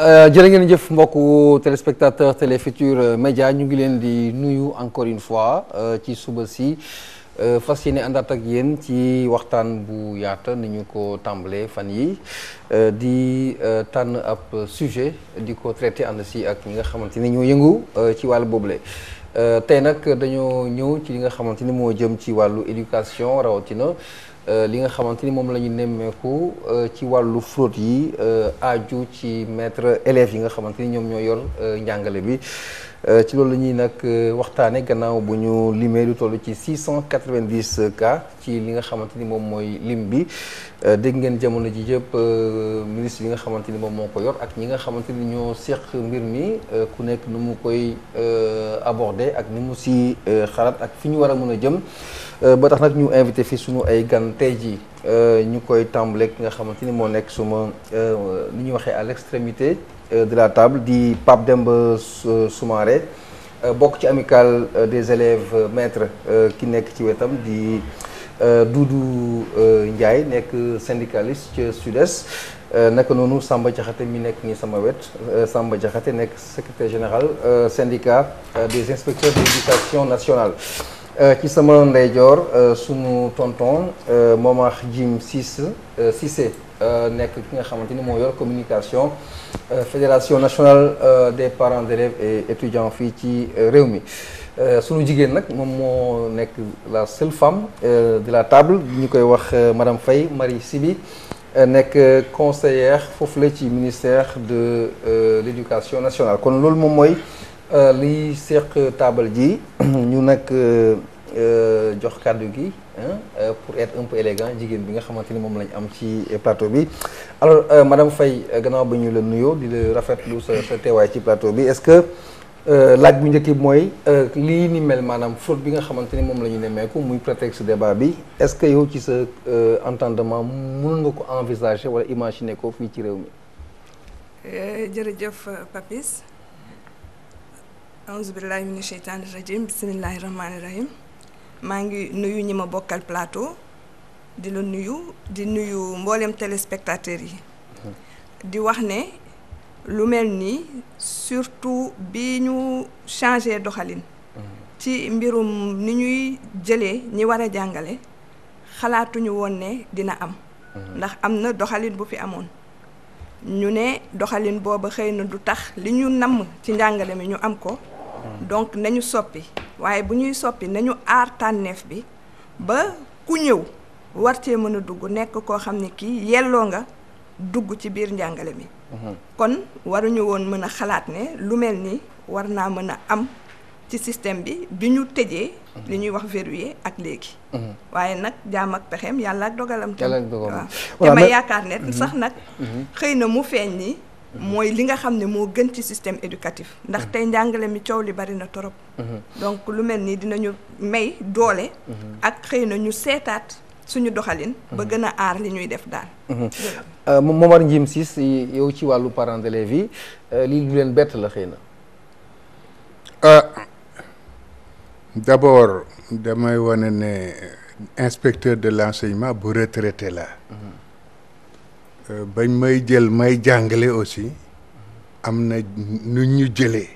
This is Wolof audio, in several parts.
Euh, jërë ngeen jëf mbokku téléspectateur Télé Futurs Médias ñu ngi leen di nuyu encore une fois euh, ci suba si euh, fas yéene àndaat ak yéen ci waxtaan bu yaata nañu ko tàmbalee fan yi di tànn ab sujet di ko traité ànd si ak ñi nga xamante ni ñoo yëngu ci wàllu boobule. tey nag dañoo ñëw ci li nga xamante ni moo jëm ci wàllu éducation rawatina. Euh, li nga xamante ni moom la ñu nemmeeku euh, ci wàllu fraude yi euh, aju ci metre élèves yi nga xamante ni ñoom ñoo yor njàngale bi Euh, ci loolu la ñuy nag euh, waxtaanee gannaaw bu ñu limee lu toll ci 690 euh, cas ci li nga xamante ni moom mooy lim bi dégg ngeen jamono ji yëpp ministre yi nga xamante ni moom moo ko yor ak ñi nga xamante ni ñoo seq mbir mi ku nekk nu mu koy aborde ak ni mu si xalaat ak fi ñu war a mën a jëm. ba tax nag ñu invité fi suñu ay gan tey jii ñu koy ki nga xamante ni moo nekk suma ni ñuy waxee à l'extrémité. Euh, de la table di Pape Demba euh, Soumaré euh, bokk ci amicale des élèves maîtres ki nekk ci wetam di Doudou Ndiaye nekk syndicaliste ca SUDES naka noonu Samba Diakhaté mi nekk ni sama wet Samba Diakhaté nekk secretaire général syndicat des inspecteurs de l'éducation nationale ci sama ndeyjoor sunu tonton Momar Jim Cissé Cissé Euh, nekk ki nga xamante ni moo yor communication euh, fédération nationale euh, des parents d'élèves et étudiants fii ci réew mi suñu jigéen nag moom moo nekk la seule femme de la table bi ñu koy wax madame fay Marie Sibi nekk conseillère foofu la ci ministère de l'éducation nationale kon loolu moom mooy liy seq table ji ñu nag jox kàddu gi Euh, pour être un peu élégant jigéen bi nga xamante ni moom lañu am ci plateau bi alors euh, madame Faye euh, gannaaw ba ñu la nuyoo di la rafetlu sa sa teewaay ci plateau bi est-ce que euh, laaj bu njëkk bi mooy lii ni mel maanaam fraude bi nga xamante ni moom la ñu nemmeeku muy prétexte débat bi est-ce que yow ci sa entendement mën nga ko envisager wala imaginer ko fii ci réew mi. jërëjëf Papis. aouzu billahi mina sheytaani rajim bismillahi rahmaani rahim. maa ngi nuyu ñi ma bokkal plateau di la nuyu di nuyu mboolem téléspectateurs yi di wax ne lu mel nii surtout bi ñu changé doxalin ci mbirum ni ñuy jëlee ñi war a jàngale xalaatuñu woon ne dina am ndax am na doxalin bu fi amoon ñu ne doxalin booba xëy na du tax li ñu namm ci njàngale mi ñu am ko donc nañu soppi waaye bu ñuy soppi nañu aar tànneef bi ba ku ñëw war cee mën a dugg nekk koo xam ne kii yelloo nga dugg ci biir njàngale mi. Mhm. kon waruñu woon mën a xalaat ne lu mel ni war naa mën a am ci système bi bi ñu tëjee. Mhm. li ñuy wax verrouillé ak léegi. Mhm. waaye nag jaam ak pexeem yàlla ak dogalam. yàlla ak dogalam te ma yaakaar ne sax nag. xëy na mu feeñ nii. mooy li nga xam ne moo gën ci système éducatif ndax mm-hmm. tey njàngale mi coow li bari na torop mm-hmm. donc lu mel nii dinañu may doole mm-hmm. ak xëy na ñu seetaat suñu doxalin ba gën a aar li ñuy def daal euh, Momar Ndiim Ciss yow ci wàllu parents d'élèves yi euh, lii lu leen bett la xëy na ah, d'abord damay wane ne inspecteur de l'enseignement bu retraité la Euh, bañ may jël may jàngale aussi am na nu ñu jëlee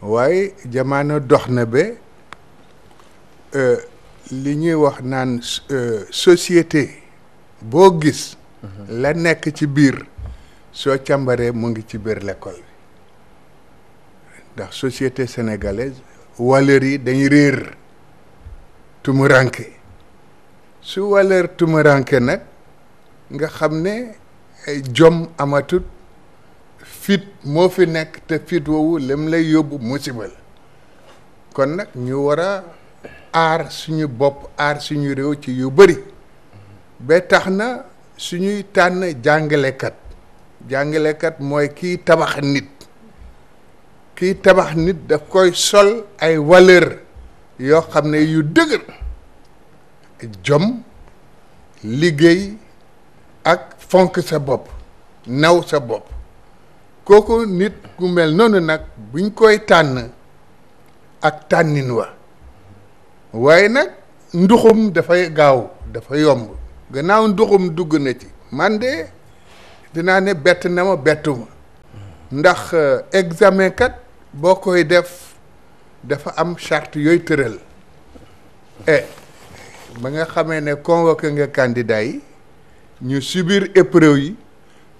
waaye jamono dox na ba euh, li ñuy wax naan euh, société boo gis la nekk ci biir soo càmbaree mu ngi ci biir lekkool ndax société sénégalaise valeur yi dañuy réer tumuranke su valeur tumuranke nag nga xam ne jom amatut fit moo fi nekk te fit woowu lim lay yóbbu musiba la kon nag ñu war a aar suñu bopp aar suñu réew ci yu bari ba tax na suñuy tànn jàngalekat jàngalekat mooy kiy tabax nit kiy tabax nit daf koy sol ay valeur yoo xam ne yu dëgër jom liggéey ak fonk sa bopp naw sa bopp kooku nit ku mel noonu nag buñ koy tànn ak tànnin wa waaye nag nduxum dafay gaaw dafa yomb gannaaw nduxum dugg na ci man de dinaa ne bett na ma bettuma ndax eh, examen boo koy def dafa am chart yooyu tëral eh, ba nga xamee ne convoqué nga candidat yi ñu subir épreuve yi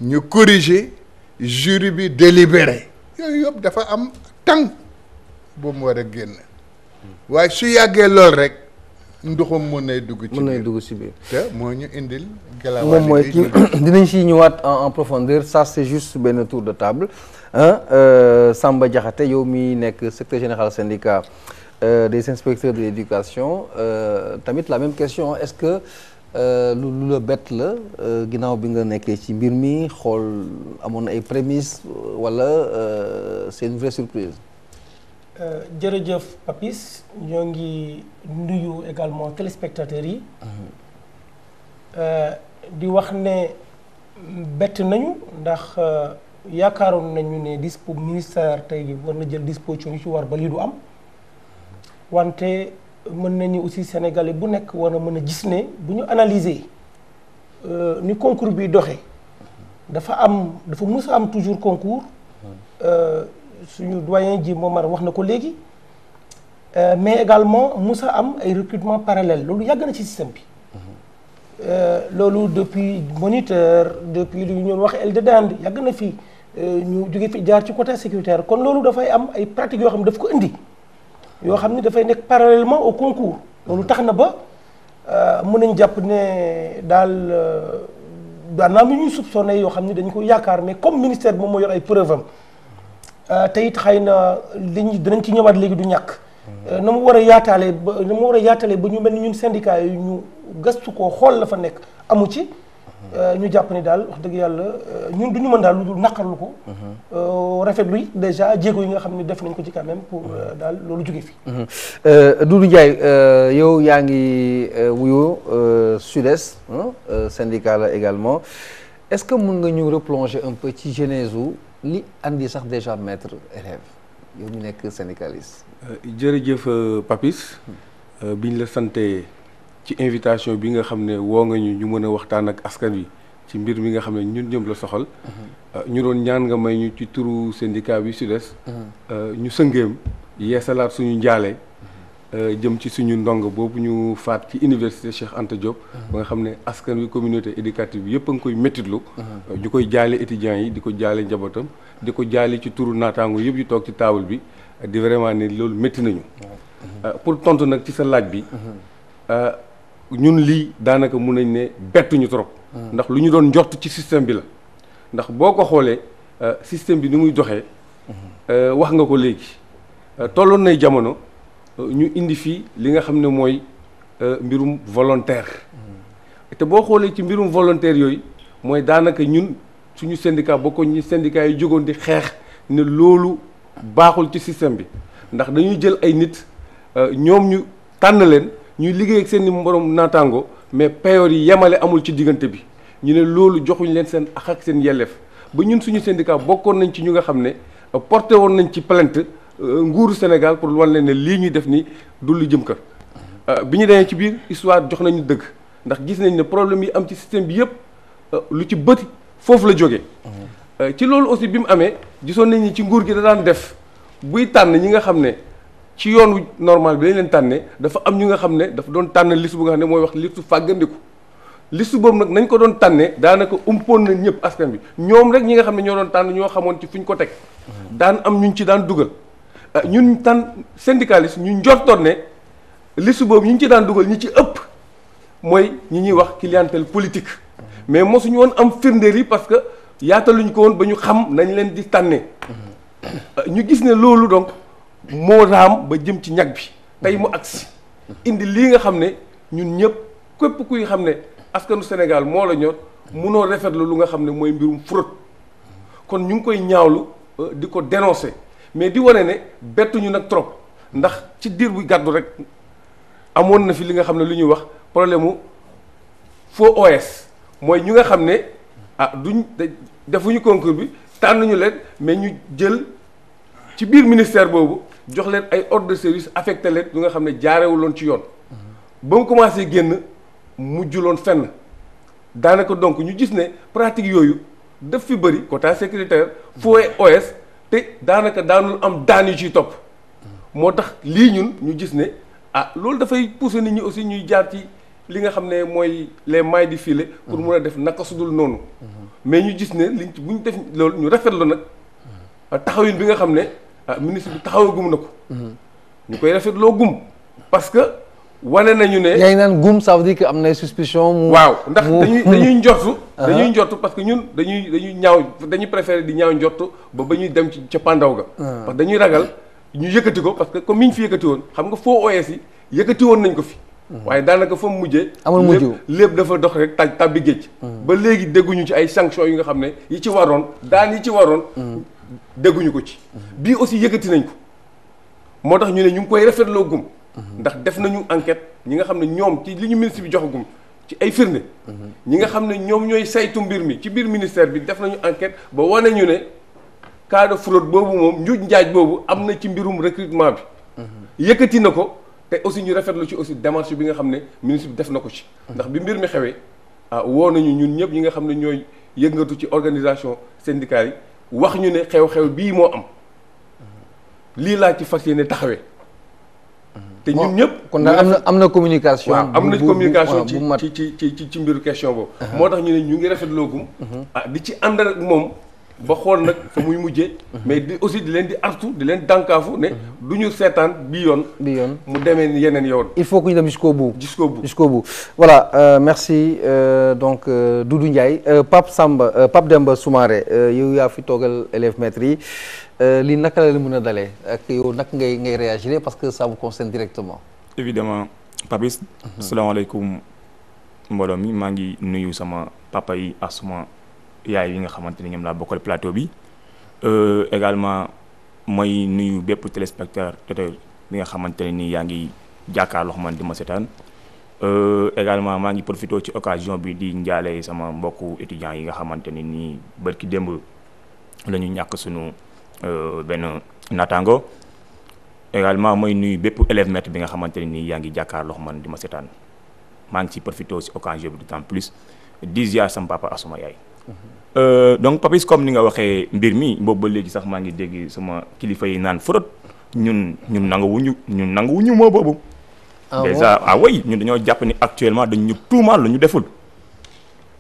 ñu corriger jury bi délibéré yooyu yëpp dafa am tànk bu mu war a génn waaye su yàggee lool rek ndoxam mun nay dugg. ci biir mun nay dugg ci biir. te moo ñu indil. galawaale moom mooy kii dinañ si ñu ñëwaat en profondeur ça c'est juste benn tour de table ah Samba Diakhaté yow mi nekk secrétaire général syndicat euh, des inspecteurs de l'éducation euh, tamit la même question est-ce que. Euh, lu lu la bett la euh, ginnaaw bi nga nekkee ci mbir mi xool amoon ay prémices euh, wala c'est une vraie surprise. jërëjëf Papis ñoo ngi nuyu également téléspectateurs yi. Mhm. di wax ne bett nañu ndax yaakaaroon nañu ne dispo ministère tey war na jël disposition yu ci war ba lii du am wante. mën nañu aussi sénégalais bu nekk war a mën a gis ne bu ñu analyser euh, ni concours bi doxee dafa am dafa mus a am toujours concours euh, suñu doyen ji Momar wax na ko léegi euh, mais également mës a am ay recrutement parallèle loolu yàgg na ci système bi mm-hmm. loolu depuis moniteur depuis lu ñoon wax LD Dande yàgg na fi ñu jóge fi jaar ci côté sécuritaire kon loolu dafay am ay pratiques yoo xam ne daf ko indi yoo xam ni dafay nekk parallèlement au concours loolu tax na ba euh, mën nañ jàpp ne daal euh, daanaa mu ñuy soupçonné yoo xam ni dañ ko yaakaar mais comme ministère bi moom moo yor ay preuve am euh, te it xëy na li dinañ ci ñëwaat léegi du ñàkk na mu war a yaataale ba na mu war a yaataalee ba ñu mel ni ñun syndicat yi ñu gëstu koo xool la fa nekk amu ci Euh, ñu jàpp ni daal wax dëgg yàlla euh, ñun du ñu mën daal lu dul naqarlu ko. Mm-hmm. Euh, rafet it dèjà jéego yi nga xam ne def nañ ko ci quand pour mm-hmm. daal loolu jóge fi. Mm-hmm. Doudou Ndiaye yow yaa ngi wuyoo Sud-Est syndicat la également est-ce que mun nga ñu replonger un peu ci genèse wu li andi sax dèjà maître élève yow ñu nekk syndicaliste. jërëjëf Papis hmm. biñ la santé ci invitation bi nga xam ne woo nga ñu ñu mën a waxtaan ak askan wi ci mbir mi nga xam ne ñun ñëpp la soxal. Mhm. Euh, ñu doon ñaan nga may ñu ci turu syndicat bi SUDES. Mhm. Euh, ñu sëngeem yeesalaat suñu njaale. Mhm. Euh, jëm ci suñu ndong boobu ñu faat ci université Cheikh Anta Diop. ba nga xam ne askan wi communauté éducative bi yëpp a ngi koy méttitlu. ñu koy jaale étudiants yi di ko jaale njabootam. di ko jaale ci turu naataango yëpp yu toog ci taabal bi di ne loolu métti nañu. pour nag ci sa laaj bi. ñun lii daanaka mun nañ ne bettuñu trop. ndax lu ñu doon njort ci système bi la ndax boo ko xoolee euh, système bi ni muy doxee euh, wax nga ko léegi euh, tolloon nay jamono ñu indi fii li nga xam ne mooy mbirum volontaire te boo xoolee ci mbirum volontaire yooyu mooy daanaka ñun suñu syndicat bokkoon ñu syndicat yi jógoon di xeex ne loolu baaxul ci système bi ndax dañuy jël ay nit ñoom ñu tànn leen ñuy liggéey ak seen i moroom naataango mais payoor yi yemale amul ci diggante bi ñu ne loolu joxuñ leen seen ak seen yelleef ba ñun suñu syndicat bokkoon nañ ci ñu nga xam ne euh, porté woon nañ ci plainte euh, nguuru Sénégal pour wan leen ne lii ñuy def ni du lu jëm kër euh, bi ñu demee ci biir histoire jox nañu dëgg ndax gis nañ ne problème yi am ci système bi yëpp lu ci bëti foofu la jógee mmh. ci loolu aussi bi mu amee gisoon nañu ni ci nguur gi da daan def buy tànn ñi nga xam ne ci yoon normal bi lañ leen tànnee dafa am ñu nga xam ne dafa doon tànn liste bu nga ne mooy wax liste fàggandiku liste boobu nag nañ ko doon tànnee daanaka umpoon na ñëpp askan bi ñoom rek ñi nga xam ne ñoo doon tànn ñoo xamoon ci fu ñu ko teg daan am ñu ci daan dugal ah, ñun tànn syndicaliste ñu njortoon ne liste boobu ñu ci daan dugal ñu ci ëpp mooy ñi ñuy wax clientèle politique mais mosuñu woon am firndeel yi parce que yaataluñ ko woon ba ñu xam nañ leen di tànnee ah, ñu gis ne loolu donc moo raam ba jëm ci ñag bi tey mu agsi indi lii nga xam ne ñun ñëpp képp kuy xam ne askanu Sénégal moo la ñor munoo rafetlu lu nga xam ne mooy mbirum fraude kon ñu ngi koy ñaawlu euh, di ko dénoncer mais di wane ne bettuñu nag trop ndax ci diir bu gàddu rek amoon na fi li nga xam ne lu ñuy wax problème mu faux OS mooy ñu nga xam ne ah duñ defuñu concours bi tànnuñu leen mais ñu jël ci biir ministère boobu jox leen ay ordre de service affecté leen yu nga xam ne jaarewuloon ci yoon ba mu commencé génn mujjuloon fenn daanaka donc ñu gis ne pratique yooyu def fi bëri quota sécuritaire fooy os te daanaka daanul am daan yu ciy topp moo tax lii ñun ñu gis ne ah loolu dafay pousser nit ñi aussi ñuy jaar ci li nga xam ne mooy les mailles du filet pour mun a def naka sudul noonu mm-hmm. mais ñu gis ne liñ bu ñu def loolu ñu rafet rafetlu nag taxawin bi nga xam ne Ah, ministre bi taxawagum na ko. ñu koy rafetloo gum parce que wane nañu ne. yaa ngi naan gum ça veut am na suspicion. mu waaw ndax dañuy dañuy njortu. Uh-huh. dañuy njortu parce que ñun dañuy dañuy ñaaw dañuy préféré di ñaaw njortu ba ba ñuy dem ci ca pandaw ga. Uh-huh. parce que dañuy ragal ñu yëkkati ko parce que comme ni ñu fi yëkkati woon xam nga foo OS yi yëkkati woon nañ ko fi. Uh-huh. waaye daanaka fa mu mujjee. amul mujj lépp dafa dox rek taj tàbbi géej. ba léegi dégguñu ci ay sanctions yi nga xam ne yi ci waroon daan yi ci waroon. dégguñu ko ci. bii aussi yëkkati nañ ko moo tax ñu ne ñu ngi koy rafetloo gum. ndax def nañu enquête ñi nga xam ne ñoom ci li ñu ministre bi jox ci ay firnde. ñi nga xam ne ñoom ñooy saytu mbir mi ci biir ministère bi def nañu enquête ba wane ñu ne cas de boobu moom njuuj njaaj boobu am na ci mbirum recrutement bi. yëkkati na ko te aussi ñu rafetlu ci aussi démarche bi nga xam ne ministre bi def na ko ci. ndax bi mbir mi xewee ah woo nañu ñun ñëpp ñi nga xam ne ñooy yëngatu ci organisation syndicale yi. wax ñu ne xew-xew bii moo am lii laa ci fas yéene taxawee. te ñun ñëpp. kon nag am na am na communication. waaw am na communication ci ci ci ci mbiru question boobu. Uh-huh. moo tax ñu ne ñu ngi rafetloogum. Uh-huh. ah di ci àndal ak moom. ba xool nag fa muy mujjee. mais di aussi di leen di artu di leen dànkaafu ne du ñu seetaan bi yoon. bi yoon mu demee yeneen yoon. il faut que ñu dem jusqu'au bout. jusqu'au bout ko bu voilà euh, merci euh, donc euh, du du Ndiaye euh, pap Samba Pape Demba Soumaré yow yaa fi toogal élève maître yi li naka la mën a dalee ak yow nag ngay ngay réagir parce que ça vous concerne directement. évidemment Papis. Mhm. salaamaaleykum mbooloo mi maa ngi nuyu sama papa yi asuma yaay yi nga xamante ni ñoom laa bokkal plateau bi euh, également mooy nuyu bépp téléspectateur bi nga xamante ne nii yaa ngi jàkkaarloo man di ma seetaan euh, également maa ngi profité ci occasion bi di njaale sama mbokku étudiants yi nga xamante ne nii bërki démb la ñu ñàkk suñu euh, benn naataango également mooy nuyu bépp élève maître bi nga xamante ne nii yaa ngi jàkkaarloo man di ma seetaan maa ngi ci profité ci occasion bi d'autant plus di ziar sama papa ak sama yaay. Euh, donc papis comme ni nga waxee mbir mi boobu ba léegi sax maa ngi dégg suma kilifa yi naan fraude ñun ñun nanguwuñu ñun nanguwuñu moo boobu. Ah déjà ah ñun dañoo jàpp ni actuellement dañ ñu tuumaal la ñu deful.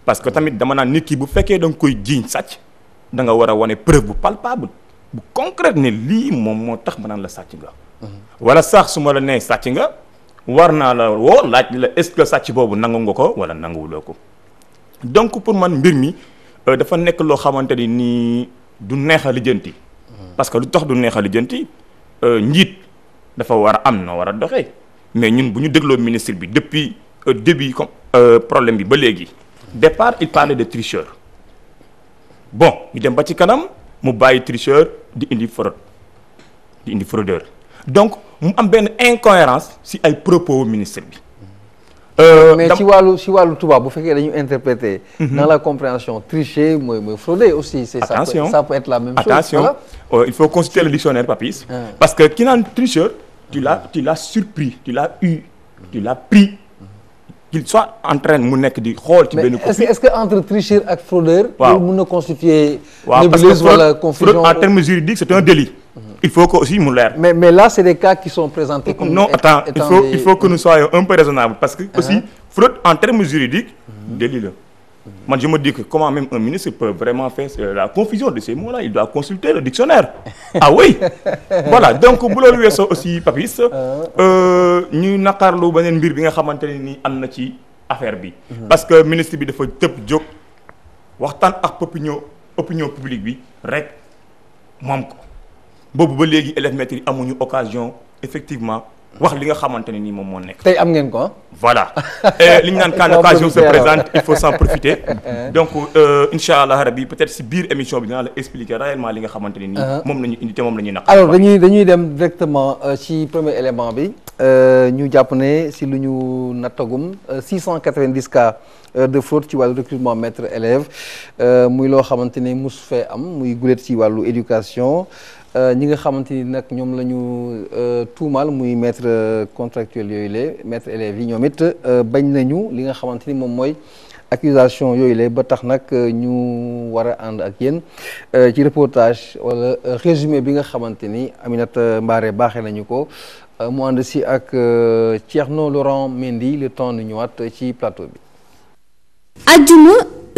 parce que tamit dama naan nit ki bu fekkee da nga koy jiiñ sàcc da nga war a wane preuve bu palpable bu concrete ni lii moom moo tax ma naan la sàcc nga. Mhm. wala sax su ma la nee sàcc nga war naa la woo laaj la est-ce que sàcc boobu nangu nga ko wala nanguwuloo ko donc pour man mbir mi. Euh, dafa nekk loo xamante ni nii du neexa a lijjanti parce que lu tax du neex a lijjanti euh, njiit dafa war a am noo war a doxee mais ñun bu ñu dégloo ministre bi depuis euh, début comme problème bi ba léegi départ il parlait de tricheur bon ñu dem ba ci kanam mu bàyyi tricheur di indi fraude di indi fraudeur donc mu am benn incohérence si ay propos ministre bi Euh, mais ci wàllu ci wàllu tubaab bu fekkee dañu interpréter. Mhm. dans la compréhension tricher mooy mooy frauder aussi. c'est ça peut ça peut être la même chose attention euh, il faut consulter le dictionnaire Papis. Ah. parce que ki naan tricheur. tu l'as tu l'as surpris tu l'as eu pris. qu'il soit en train mu nekk di xool ci benn. copie mais est-ce que entre tricheur ak fraudeur. waaw mën na constituer. nébuleuse wala confusion en termes juridiques c'est un délit. il faut que aussi mu leer. mais mais là c'est des cas qui son présentés. comme non attends il faut que nous euh, soyons un peu parce que. aussi uh-huh. fraude en termes juridiques. Mm la. man je me dis que comment même un ministre peut vraiment faire euh, la confusion de ces mots il doit consulter le dictionnaire ah oui voilà donc bu loolu weesoo aussi Papis uh-huh. euh, ñuy naqarlu beneen mbir bi nga xamante ne ni am na ci affaire bi parce que ministre bi dafa tëb jóg waxtaan ak opinion opinion publique boobu ba léegi élèves maîtres yi amuñu occasion effectivement wax li nga xamante ne nii moom moom nekk. tey am ngeen ko voilà li ñu naan quand occasion se présente il faut incha allah rabi peut-être si biir émission bi dinaa la expliquer réellement li nga xamante ne nii. Uh-huh. moom la ñu indi te moom la ñuy naq. alors dañuy dañuy dem directement euh, ci premier élément bi euh, ñu jàpp ne si lu ñu nattagum 690 euh, cas de fraude ci wàllu recrutement maître élève muy loo xamante ne mus fee am muy guléet ci wàllu éducation. Euh, ñi nga xamante ni nag ñoom la ñu euh, tuumaal muy maître euh, contractuel yooyu le maître élèves yi ñoom it bañ nañu li nga xamante ni moom mooy accusation yooyu le ba tax nag ñu war a ànd ak yéen ci reportage wala résumé bi nga xamante ni Aminata Mbaare baaxe nañu ko mu ànd si ak Thierno Laurent Mendy le temps nu ñëwaat ci plateau bi.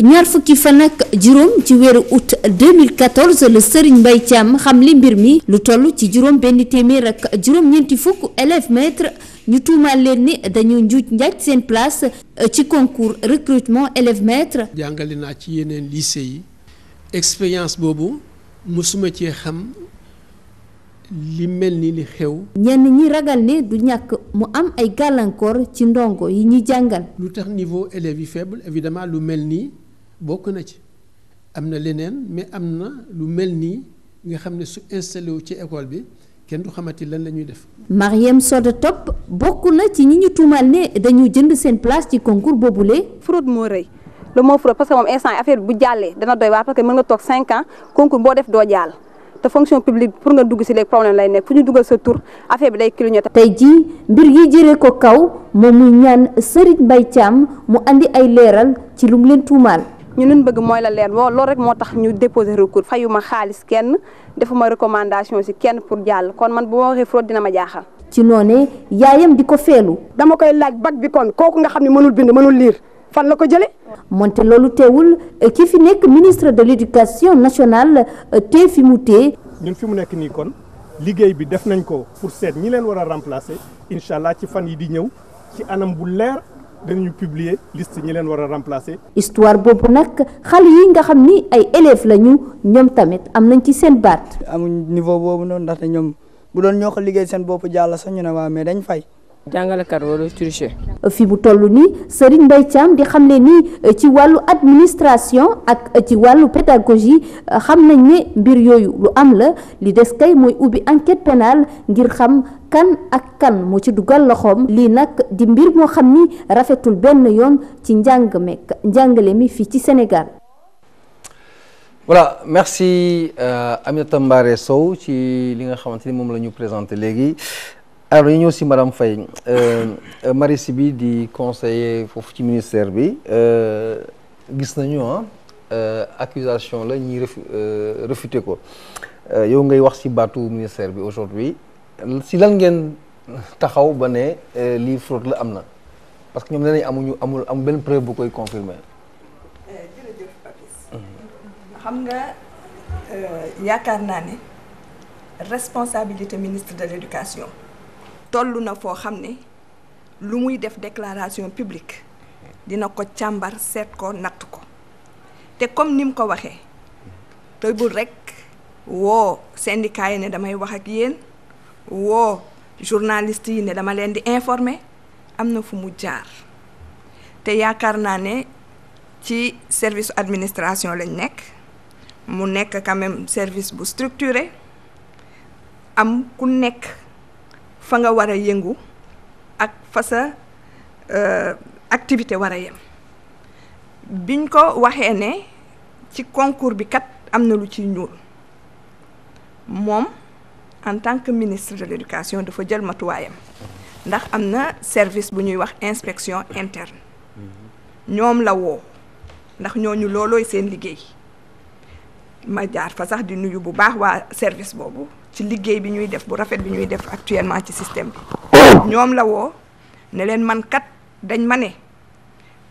ñaar fukki fan ak juróom ci weeru août 2014 le Serigne Mbaye xam li mbir mi lu toll ci juróom benn téeméer ak juróom ñeenti fukk élèves maîtres ñu tuumaal leen ni dañu njuuj njaaj seen place euh, ci concours recrutement élèves maîtres. jàngale naa ci yeneen lycée yi expérience boobu mësuma cee xam li mel ni li xew. ñenn ñi ragal ni du ñàkk mu am ay gàllankoor ci ndongo yi ñuy jàngal. lu tax niveau élèves yi faible évidemment lu mel nii. bokk na ci am na leneen mais am na lu mel nii nga xam ne su installé wu ci école bi kenn du xamati lan la ñuy def. Mariam Soda Top bokk na ci ñi ñu tuumal ne dañu jënd seen place ci concours boobule. fraude moo rëy lu moo fraude parce que moom instant affaire bu jàllee dana doy waar parce que mën nga toog 5 ans concours boo def doo jàll. te fonction publique pour nga dugg ci léegi problème lay nekk fu ñu dugal sa tur affaire bi day clignoter. tey jii mbir yi jëree ko kaw moom muy ñaan Serigne Mbaye Thiam mu andi ay leeral ci lu mu leen ñu leen bëgg mooy la leen woo loolu rek moo tax ñu déposé recours fayuma xaalis kenn defuma recommandation si kenn pour jàll kon man bu ma waxee fraude dina ma jaaxal. ci noonee yaayam di ko feelu. dama koy laaj bac bi kon kooku nga xam ne mënul bind mënul liir fan la ko jëlee. moonte loolu teewul eh, ki fi nekk ministre de l' éducation nationale eh, te fi mu tee. fi mu nekk nii kon liggéey bi def nañ ko pour ñi leen war a remplacer incha allah ci fan yi di ñëw ci anam bu leer. danañu publier liste ñi leen war a remplacer. histoire boobu nag xale yi nga xam ni ay élèves lañu ñoom tamit am nañ ci seen baat. amuñ niveau boobu noonu ndaxte ñoom bu doon ñoo ko liggéey seen bopp jàll sax ñu ne waa mais dañ fay. jàngalekat warul tricher. fi mu toll nii Serigne Mbaye Thiam di xam ne nii eh, ci wàllu administration ak eh, ci wàllu pédagogie eh, xam nañ ne mbir yooyu lu am la li des kay mooy ubbi enquête pénale ngir xam kan ak kan moo ci dugal loxoom lii nag di mbir moo xam ni rafetul benn yoon ci njàng mekk njàngale mi fii ci senegal voilà merci euh, Aminata ci li nga xamante ni moom la ñu léegi. alors ah, ñu ñëw si madame Faye euh, euh, Marie Siby di conseiller foofu ci ministère bi euh, gis nañu ah accusation la ñuy refu réfuté ko yow ngay wax si baatu ministère bi aujourd'hui si lan ngeen taxaw ba ne lii fraude la am na parce que ñoom nee nañ amuñu amul am benn preuve bu koy confirmer xam nga yaakaar naa ne responsabilité ministre de l'éducation toll na foo xam ne lu muy def déclaration publique dina ko càmbar seet ko natt ko te comme ni mu ko waxee tëbul rekk woo syndicat ne damay wax ak yéen woo journaliste yi ne dama leen di informer am na fu mu jaar te yaakaar naa ne ci service administration lañ nekk mu nekk quand service bu structuré am ku nekk fa nga war a yëngu ak fa sa euh, activité war a yem biñ ko waxee ne ci concours bi kat am na lu ci ñuul moom en tant que ministre de l'éducation dafa jël matuwaayam ndax am na service bu ñuy wax inspection interne ñoom la woo ndax ñooñu loolooy seen liggéey ma jaar fa sax di nuyu bu baax waa service boobu ci liggéey bi ñuy def bu rafet bi ñuy def actuellement ci système bi ñoom la woo ne leen man kat dañ ma ne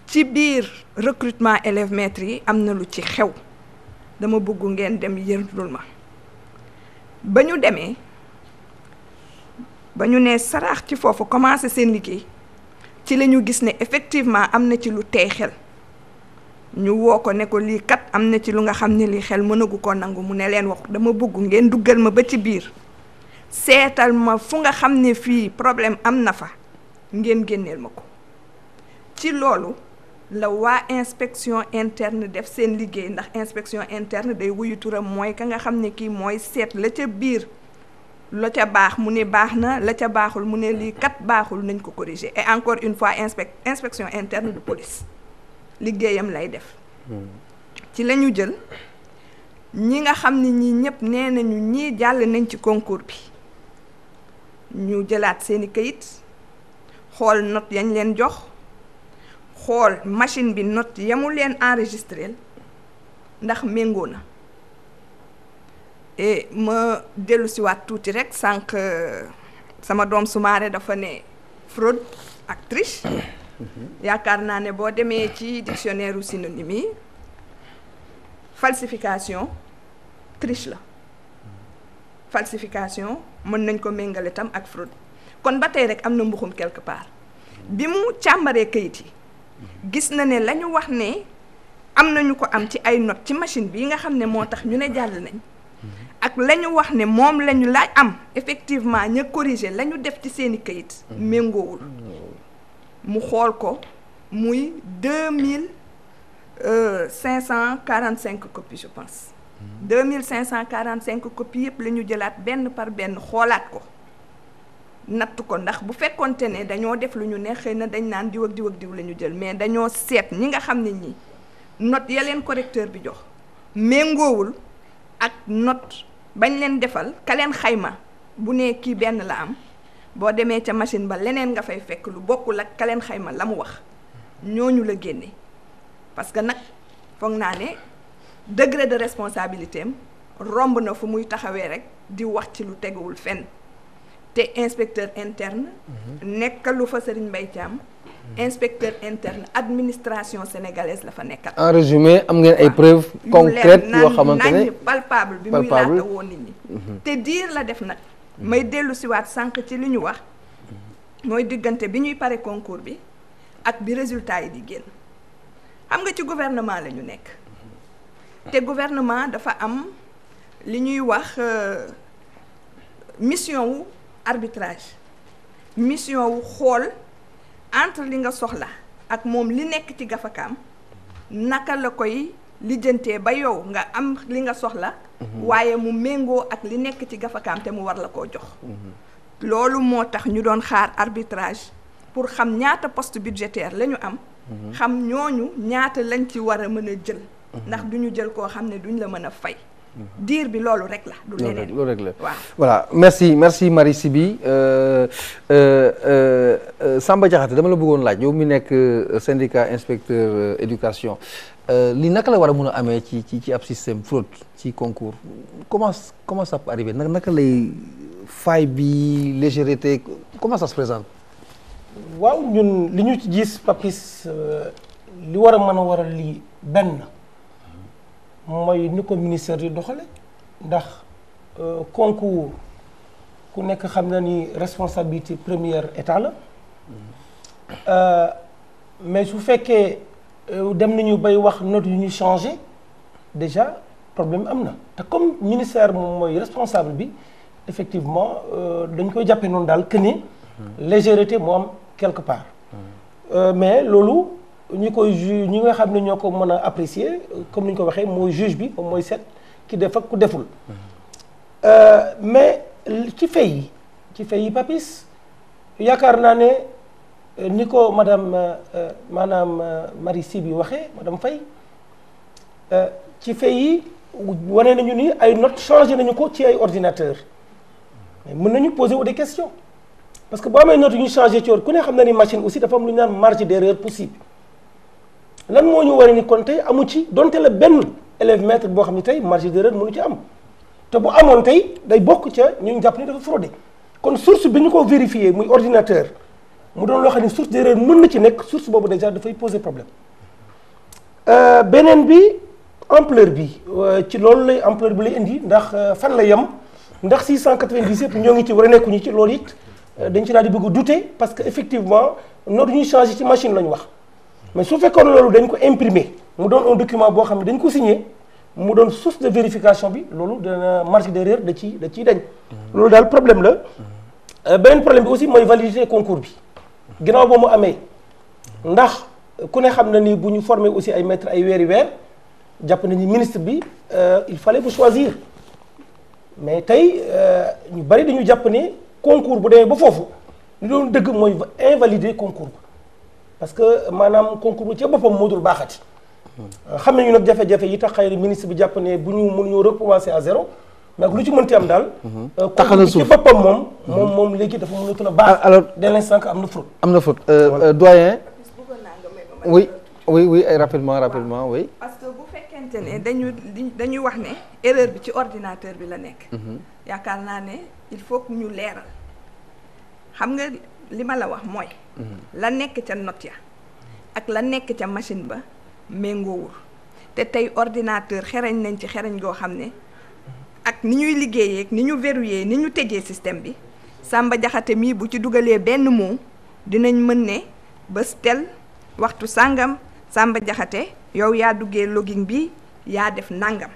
ci biir recrutement élève maîtres yi am na lu ci xew dama bëgg ngeen dem yërlul ma ba ñu demee ba ñu nee saraax ci foofu commencé seen liggéey ci la ñu gis ne effectivement am na ci lu tey xel ñu woo ko ne ko lii kat am na ci lu nga xam ne lii xel mënagu ko nangu mu ne leen wax dama bëgg ngeen duggal ma ba ci biir seetal ma fu nga xam ne fii problème am na fa ngeen génneel ma ko ci loolu la waa inspection interne def seen liggéey ndax inspection interne day wuyu turam mooy ka nga xam ne kii mooy seet la ca biir la ca baax mu ne baax na la ca baaxul mu ne lii kat baaxul nañ ko corriger et encore une fois inspec inspection interne de police liggéeyam lay def ci lañu jël ñi nga xam ni ñii ñëpp nee nañu ñii jàll nañ ci concours bi ñu jëlaat seeni kayit xool note yañ leen jox xool machine bi note yamu leen enregistré ndax méngoo na ma dellu si waat tuuti rek sànq euh, sama doom sumaare dafa ne fraude ak triche Mm-hmm. yaakaar naa ne boo demee ci dictionnaire u synonyme yi falsification triche la mm-hmm. falsification mën nañ ko méngale tam ak fraude kon ba tey rek am na mbuxum quelque part mm-hmm. bi mu càmbaree kayit yi gis na ne lañu wax ne am nañu ko am ci ay note ci machine bi nga xam ne moo tax ñu ne jàll nañ ak la ñu wax ne moom lañu ñu laaj am effectivement ña corriger la ñu def ci seeni kayit méngoowul mu xool ko muy deux mille euh, cinq cent quarante cinq copies je pense mm-hmm. deux mille cinq cent quarante cinq copies yëpp la ñu jëlaat benn par benn xoolaat ko natt ko ndax bu fekkonte ne dañoo def lu ñu ne xëy na dañ naan diw ak diw ak diw la ñu jël mais dañoo seet ñi nga xam ne ñi not ya leen correcteur bi jox méngoowul ak not bañ leen defal ka leen xayma bu ne kii benn la am boo demee ca machine ba leneen nga fay fekk lu bokkul ak kaleen xayma la mu wax ñooñu la génne parce que nag foog naa ne degré de responsabilité am romb na fu muy taxawee rek di wax ci lu teguwul fenn te inspecteur interne mhm. nekkal lu fa Serigne Mbaye Thiam mhm. inspecteur interne administration sénégalaise la fa nekkal en résumé am ngeen ay preuves concrètes yoo xamante ne palpable bi muy laata woon nit ñi mhm. te diir la def nag may dellu siwaat sànq ci li ñu wax mooy diggante bi ñuy pare concours bi ak bi résultat yi di génn xam nga ci gouvernement la ñu nekk te gouvernement dafa am li ñuy wax euh, mission wu arbitrage mission wu xool entre li nga soxla ak moom li nekk ci gafakaam naka la koy lijjantee ba yow nga am li nga soxla mhm. waaye mu méngoo ak li nekk ci gafakaam te mu war la ko jox mhm. loolu moo tax ñu doon xaar arbitrage pour xam ñaata poste budgétaire la ñu am mhm. xam ñooñu ñaata lañ ci war a mën a jël ndax du ñu jël koo xam ne duñ la mën a fay diir bi loolu rek la du leneen loolu rek la waaw voilà merci merci Marie Siby euh, euh, euh, Samba Diakhaté dama la bëggoon laaj yow mi nekk syndicat inspecteur éducation Euh, li naka la war a mun a amee ci ci ci ab système fraude ci concours comment comment ça peut arriver naka naka lay faille bi légèreté comment ça se présente. waaw ñun li ñu ci gis papis euh, li war a mën a war a lii benn mooy ni ko ministère yi doxale ndax euh, concours ku nekk xam na ni responsabilité première état la mm-hmm. mais su fekkee. Euh, dem nañu bay wax not yu ñu changé déjà problème am na te comme ministère moom mooy responsable bi effectivement euh, dañ koy jàppee noonu daal que ni légèreté moo am quelque part euh, mais loolu ñu koy ju ñi nga xam ne ñoo ko mën a apprécier comme ni ñu ko waxee mooy juge bi moom mooy seet ki def ak ku deful mais ci fay yi ci fay yi papis yaakaar naa ne Euh, ni ko madame euh, euh, maanaam Marie Si bi waxee madame Faye ci fay yi wane nañu ni ay notes changé nañu ko ci ay ordinateur mais mën nañu poser wu des questions parce que boo amee notes ñu changé ci ku ne xam na ni machine aussi dafa am lu ñu naan marge d'erreur possible lan moo ñu waree ni kon tey amu ci donte la benn élève maître boo xam ne tey marge d'erreur mënu ci am te bu amoon tey day bokk ca ñu jàpp ni dafa fraudé kon source bi ñu ko vérifié muy ordinateur mu doon loo xam ne source d'erreur mën na ci nekk source boobu déjà dafay poser problème euh, beneen bi ampleur bi euh, ci loolu lay ampleur bi lay indi ndax euh, fan la yem ndax cent 697 ñoo ngi ci war a nekkuñu ci loolu it dañ ci daal di bëgg a parce que effectivement noor ñuy changé ci machine la ñu wax mais su fekkoon loolu dañ ko imprimer mu doon un document boo xam ne dañ ko signé mu doon source de vérification bi loolu dana marge d'erreur da ciy da ciy dañ. Mm-hmm. loolu daal problème la. beneen problème aussi mooy validité concours bi. ginaaw ba mu amee ndax ku ne xam na ni bu ñu formé aussi ay maître ay weeri weer jàpp nañu ministre bi euh, il fallait bu choisir mais tey euh, ñu bari dañu jàpp ni concours bu demee ba foofu li doon dëgg mooy invalider concours ba parce que maanaam concours bi ci boppam moo dul baaxati hmm. xam nañu ne jafe-jafe yi tax xëy ministre bi jàpp ne bu ñu mën ñoo recommencer à zéro mais lu ci mënti am daal. Mhm. Euh, taxala suuf ci boppam moom. Mhm. moom moom léegi dafa mënatul a baax. alors dès l'instant que am na fraude. am na fraude euh, euh, doyen. oui oui oui rapidement rapidement oui. parce que bu fekkente ne dañu dañuy wax ne erreur bi ci ordinateur bi la nekk. Mhm. yaakaar naa ne il faut que ñu leeral xam nga li ma la wax mooy. la nekk ca note ya ak la nekk ca machine ba méngoowul te tey ordinateur xereñ nañ ci xereñ goo xam ne. ak ni ñuy liggéeyee ni ñu verrouillé ni ñu tëjee système bi sàmba Jaxate mii bu ci dugalee benn mot dinañ mën ne bés tel waxtu sàngam Samba Jaxate yow yaa duggee logging bi yaa def nangam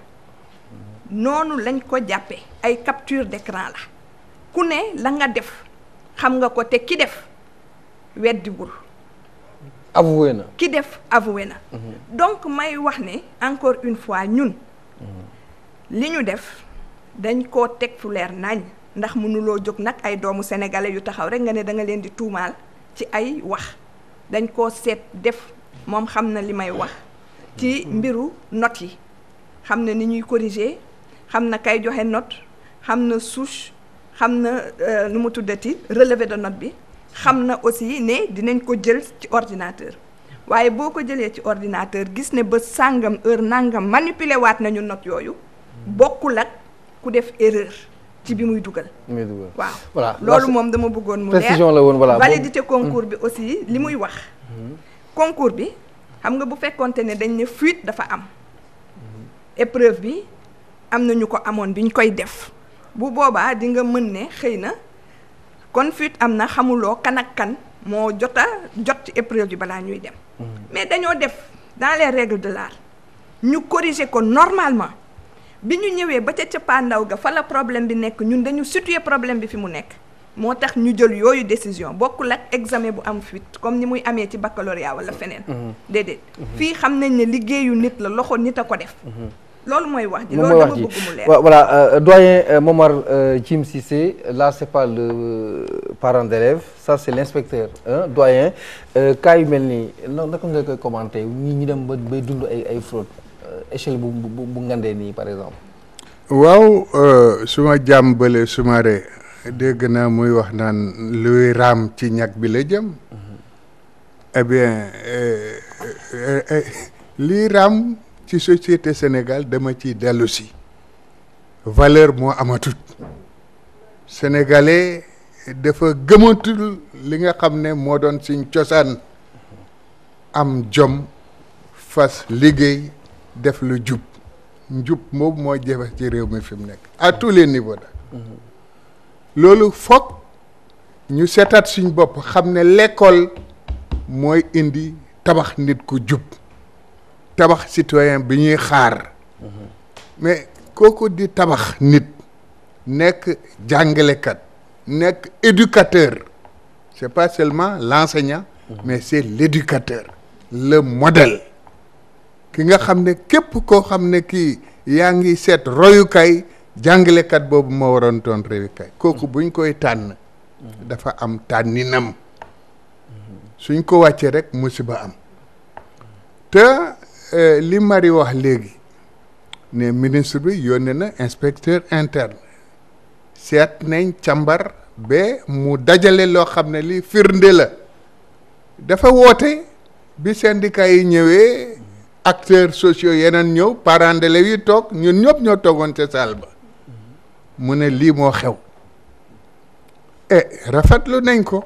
noonu lañ ko jàppee ay capture d'écran la ku ne la nga def xam nga ko te ki def weddiwul avoué na ki def avoué na mhm. donc may wax ne encore une fois ñun mhm. li ñu def dañ koo teg fu leer nañ ndax mënuloo jóg nag ay doomu sénégalais yu taxaw rek nga ne danga leen di tuumaal ci ay wax dañ koo seet def moom xam na li may wax ci mbiru note yi xam na ni ñuy corriger xam na kay joxe not xam na souche xam na euh, nu mu tuddati relever de not bi xam na aussi ne dinañ ko jël ci ordinateur waaye boo ko jëlee ci ordinateur gis ne ba sàngam heure nangam manipuler waat nañu not yooyu bokkul ak ku def erreur ci bi muy dugal. muy dugal waaw. voilà loolu moom dama bëggoon mu leer précision la woon voilà validité concours bi aussi li muy wax. Mhm. concours bi xam nga bu fekkonte ne dañ ne fuite dafa am. épreuve bi am na ñu ko amoon bi ñu koy def bu boobaa dinga mën ne xëy na kon fuite am na xamuloo kan ak kan moo jota jot ci épreuve bi balaa ñuy dem. Mhm. mais dañoo def dans les règles de l'art ñu corriger ko normalement. bi ñu ñëwee ba ca cappaandaw ga fa la problème bi nekk ñun dañu situer problème bi fi mu nekk moo tax ñu jël yooyu décision bokkul ak examen bu am fit comme ni muy amee ci baccaloria wala feneen mhm. déedéet mhm. fii xam nañ ne liggéeyu nit la loxo nit a ko def mhm. loolu mooy wax ji loolu dama bëgg mu leer voilà euh, doyen euh, Momar euh, Jim Cissé la c'est pas le parent d'élève ça c'est l'inspecteur doyen cas yu mel nii naka nga koy commenter ñi ñu dem ba bay dund ay ay fraude Euh, échelle bu par exemple. waaw euh, su ma jàmm bële Soumaré dégg naa muy wax naan luy raam ci ñag bi la jëm. Mm-hmm. eh bien euh, raam ci société Sénégal dama ciy dellu si. valeur moo amatut. sénégalais dafa gëmatul li nga xam ne moo doon suñ cosaan am jom fas liggéey. def lu jub njub boobu moo jafe ci réew mi fi mu nekk à tous les niveaux nag mm-hmm. loolu foog ñu seetaat suñ bopp xam ne lekkool mooy indi tabax nit ku jub tabax citoyen bi ñuy xaar mm-hmm. mais kooku di tabax nit nekk jàngalekat nekk éducateur c'est pas seulement l'enseignant mm-hmm. mais c'est l'éducateur le model ki nga xam ne képp koo xam ne kii yaa ngi seet royukaay jàngalekat boobu moo waroon doon royukaay kooku buñ koy tànn dafa am tànninam suñ ko wàccee rek musiba am te eh, li Marie wax léegi ne ministre bi yónnee na inspecteur interne seet nañ càmbar ba mu dajale loo xam ne li firnde la dafa woote bi syndicat yi ñëwee acteurs sociaux yeneen ñëw parents d'élèves toog ñun ñëpp ñoo toogoon ca salle ba mu ne lii moo xew e rafetlu nañ ko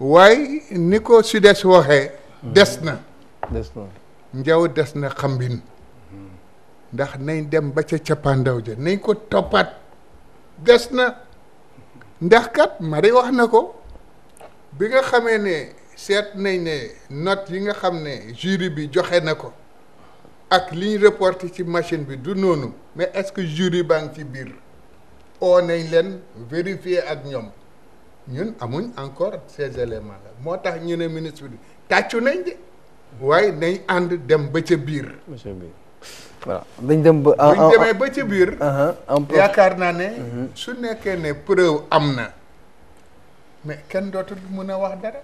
waaye ni ko Sudes waxee des na des na njaw des na xambin ndax nañ dem ba ca cappaandaw ja nañ ko toppaat des na ndax kat Marie wax na ko bi nga xamee ne seet nañ ne note yi nga xam ne jury bi joxe na ko ak li ñu reporté ci machine bi du noonu mais est-ce que jury baa ngi ci biir oo nañ leen vérifier ak ñoom ñun amuñ encore ces éléments moo tax ñu ne ministre bi tàccu nañ de waaye nañ ànd dem ba ca biir. voilà dañ dem ba. en ah, ah, demee ba ca biir. Ah, yaakaar naa ne. Mhm. su nekkee ne preuve am na mais kenn dootul mën a wax dara.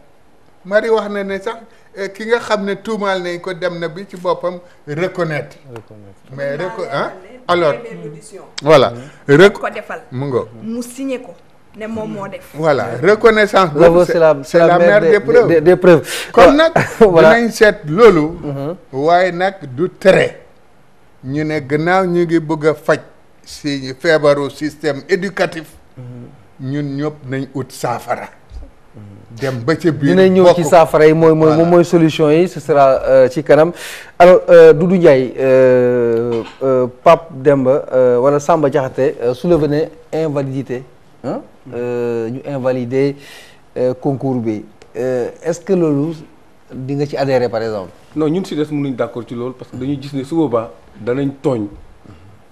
Marie wax na ne sax eh, ki nga xam ne tuumaal nañ ko dem na bi ci boppam reconnaître mais reco ah alors voilà rek ko defal mu ngo mu signé ko ne moom moo def. voilà reconnaissance boobu c'est la c'est la mère des preuves des preuves kon nag dinañ seet loolu mhm. waaye nag du tere ñu ne gannaaw ñu ngi bëgg a faj si feebaru système éducatif mhm. ñun ñëpp nañ ut saafara dem ba ca biir dina ñëw ci saafara yi mooy mooy moom mooy solution yi ce sera euh, ci kanam alors euh, Doudou Ndiaye euh, Pape Demba wala Samba Diakhaté soulevé ne invalidité ñu invalider concours bi est-ce que loolu di nga ci adhérer par exemple non ñun si des mënuñ d'accord ci loolu parce que dañuy gis ne su boobaa danañ tooñ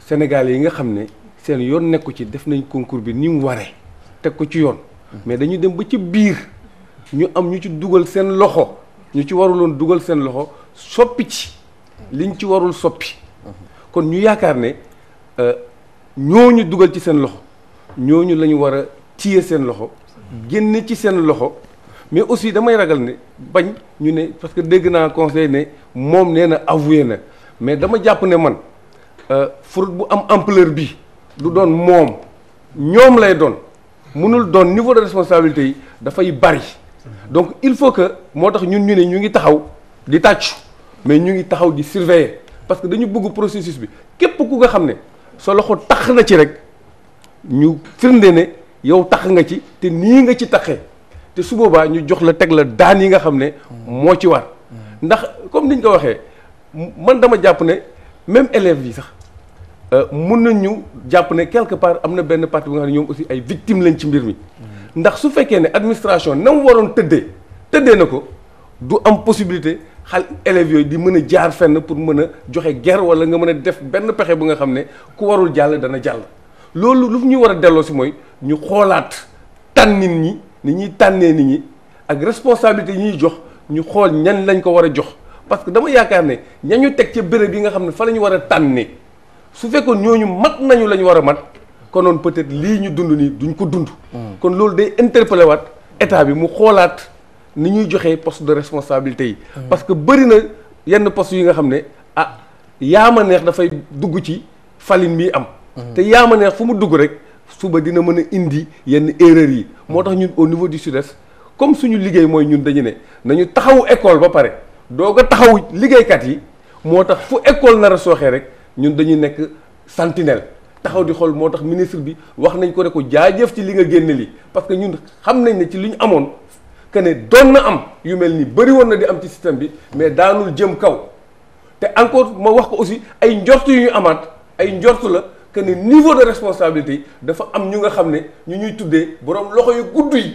sénégal yi nga xam ne seen yoon nekku ci def nañ concours bi ni mu waree teg ko ci yoon mais dañu dem ba ci biir ñu am ñu ci dugal seen loxo ñu ci waruloon dugal seen loxo soppi ci liñ ci warul soppi kon ñu yaakaar ne euh, ñooñu dugal ci seen loxo ñooñu la ñu war a téye seen loxo génn ci seen loxo mais aussi damay ragal ne bañ ñu ne parce que dégg naa conseil ne moom nee na avoué na mais dama jàpp ne man euh, fraude bu am ampleur bi du doon moom ñoom lay doon mënul doon niveau de responsabilité yi dafay bari donc il faut que moo tax ñun ñu ne ñu ngi taxaw di tàccu mais ñu ngi taxaw di surveiller parce que dañu bëgg processus bi képp ku nga xam ne sa loxo tax na ci rek ñu firnde ne yow tax nga ci te nii nga ci taxee te su boobaa ñu jox la teg la daan yi nga xam ne moo ci war ndax comme niñ ko waxee man dama jàpp ne même élève yi sax Euh, mun nañu jàpp ne quelque part am na benn parti bu nga xam ne ñoom aussi ay victimes lañ ci mbir mi ndax su fekkee ne administration na mu waroon tëddee tëddee na ko du am possibilité xal élèves yooyu di mën a jaar fenn pour mën a joxe guerre wala nga mën a def benn pexe bu nga xam ne ku warul jàll dana jàll loolu lu ñu war a delloo si mooy ñu xoolaat tànnin ñi ni ñuy tànnee nit ñi ak responsabilité yi ñuy jox ñu xool ñan lañ ko war a jox parce que dama yaakaar ne ñañu teg ca béréb yi nga xam ne fa la ñu war a tànnee su fekkoon ñooñu mat nañu lañu ñu war a mat konoon peut-être lii ñu dund nii duñ ko dund. Hmm. kon loolu day interpellé waat état bi mu xoolaat ni ñuy joxee poste de responsabilité yi. Hmm. parce que bëri na yenn poste yi nga xam ne ah yaama neex dafay dugg ci faline bi am. Hmm. te yaama neex fu mu dugg rek suba dina mën a indi yenn erreur yi. moo tax ñun au niveau du sud-est comme suñu liggéey mooy ñun dañu ne nañu taxawu école ba pare doog a taxawu liggéeykat yi moo tax fu école nar sooxee rek. ñun dañuy nekk sentinelle taxaw di xool moo tax ministre bi wax nañ ko ne ko jaajëf ci li nga génne li parce que ñun xam nañ ne ci li ñu amoon que ne doon na am yu mel ni bëri woon na di am ci système bi mais daanul jëm kaw te encore ma wax ko aussi ay njort yu ñu amaat ay njort la que ne niveau de responsabilité dafa am ñu nga xam ne ñu ñuy tuddee borom loxo yu gudd yi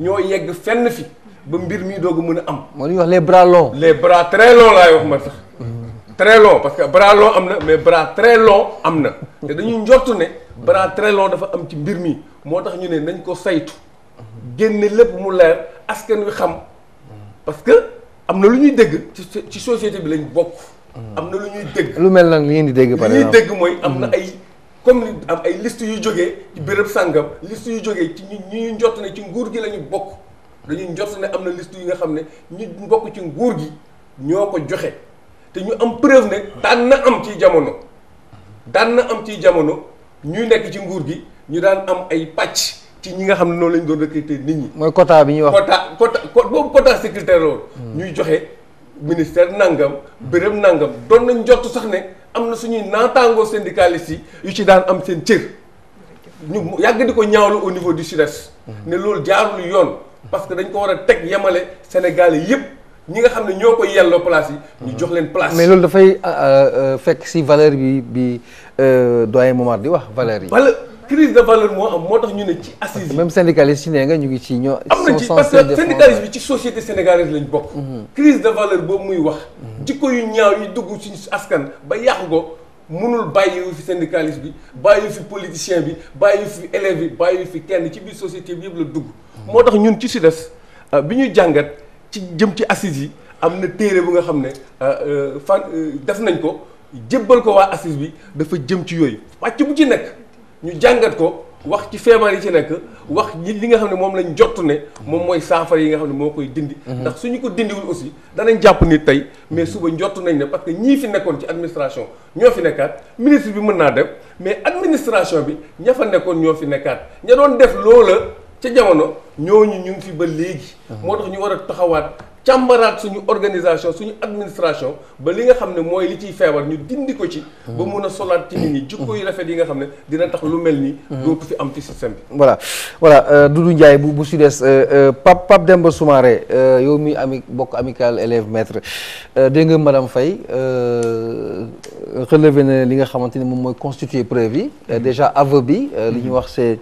ñoo yegg fenn fi ba mbir mi doog mën a am. moo ñuy wax les bras longs. les bras très longs wax man très parce que bras long am na mais bras très long am na te dañuy njortu ne bras très dafa am ci mbir mi moo tax ñu ne nañ ko saytu génne lépp mu leer askan wi xam parce que am na lu ñuy dégg ci ci société bi lañ bokk. am na lu ñuy dégg. lu mel nag li ngeen di dégg par exemple li ñuy dégg mooy am na mm. ay comme am ay liste yu jóge ci béréb sàngam list yu jóge ci ñi ñu njort ne ci nguur gi la ñu bokk dañuy njort ne am na liste yi nga xam ne ñi bokk ci nguur gi ñoo ko joxe. te ñu am preuve ne daan na am ci jamono daan na am ci jamono ñuy nekk ci nguur gi ñu daan am ay pàcc ci ñi nga xam ne noonu lañ doon recruter nit ñi. mooy quota bi ñuy wax quota quota boobu quota sécuritaire loolu. Hmm. ñuy joxe ministère nangam béréb nangam doon nañ jot sax ne am na suñuy naataangoo syndicalistes yi yu ci daan am seen cër. ñu yàgg di ko ñaawlu au niveau du sud hmm. ne loolu jaarul yoon. parce que dañ ko war a teg yemale Sénégal yëpp. ñi nga xam ne ñoo koy yelloo place yi. ñu jox leen place mais loolu dafay euh, euh, fekk si valeur bi bi euh, doyen Momar di wax valeur yi. valeur crise de valeur moo am moo tax ñu ne ci assise yi. même syndicaliste yi nee nga ñu ngi si ñoo. am na ci parce que syndicaliste bi ci société sénégalaise lañ bokk. Mhm. crise de valeur boobu muy wax. Mhm. jikko yu ñaaw yu dugg ci askan ba yàqu ko. mënul bàyyiwu fi syndicaliste bi bàyyiwu fi politicien bi bàyyiwu fi élèves bi bàyyiwu fi kenn ci biir société bi yëpp la dugg. Mhm. moo tax ñun ci si des bi ñu jàngat. ci jëm ci assises yi am na téere bu nga xam ne euh, euh, fan euh, def nañ ko jébbal ko waa assise bi dafa jëm ci yooyu wàcc bu ci nekk ñu jàngat ko wax ci feebar yi ci nekk wax ñi li nga xam ne moom lañ jot ne moom mooy saafara yi nga xam ne moo koy dindi mhm. ndax suñu ko dindiwul aussi danañ jàpp ni tey mais mhm. suba njott nañ ne parce que ñii fi nekkoon ci administration ñoo fi nekkaat ministre bi mën naa dem mais administration bi ña fa nekkoon ñoo fi nekkaat ña doon def loola ca jamono ñooñu ñu ngi fi ba léegi. Ah. moo tax ñu war a taxawaat càmbaraat suñu organisation suñu administration ba li nga xam ne mooy li ciy feebar ñu dindi ko ci. Ah. ba mun a solaat ci nit ñi jikko yu rafet yi nga xam ne dina tax lu mel nii. Ah. dootu fi am ci système bi. voilà euh, du du Ndiaye bu bu des euh, euh, Pape Pape Demba Soumaré yow mi ami bokk amical élève maître dégg nga fay Faye relevé na li nga xamante ni moom mooy constituer preuve yi mm-hmm. déjà aveu bi. li ñuy mm-hmm. wax c'est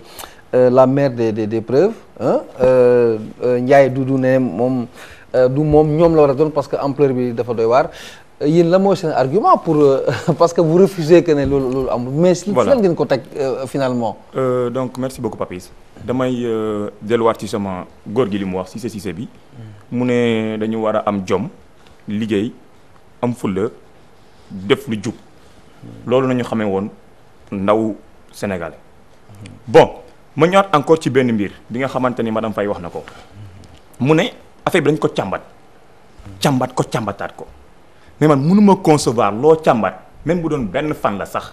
Euh, la mère des des, des preuves euh, euh, Ndiaye du du ne moom du moom ñoom la war a doon parce que ampleur bi dafa doy waar yéen la mooy seen argument pour parce que bu refusez que ne loolu loolu amul. mais si lan ngeen ko teg finalement. donc merci beaucoup Papis damay delluwaat ci sama góor gi li mu wax Cissé Cissé bi mu ne dañu war a am jom liggéey am fulla def lu jub loolu nañu xamee woon ndaw Sénégal ma ñëwaat encore ci benn mbir bi nga xamante ni madame fay wax na ko mu ne affaire bi dañ ko càmbat càmbat ko càmbataat ko mais man mënuma concevoir loo càmbat même bu doon benn fan la sax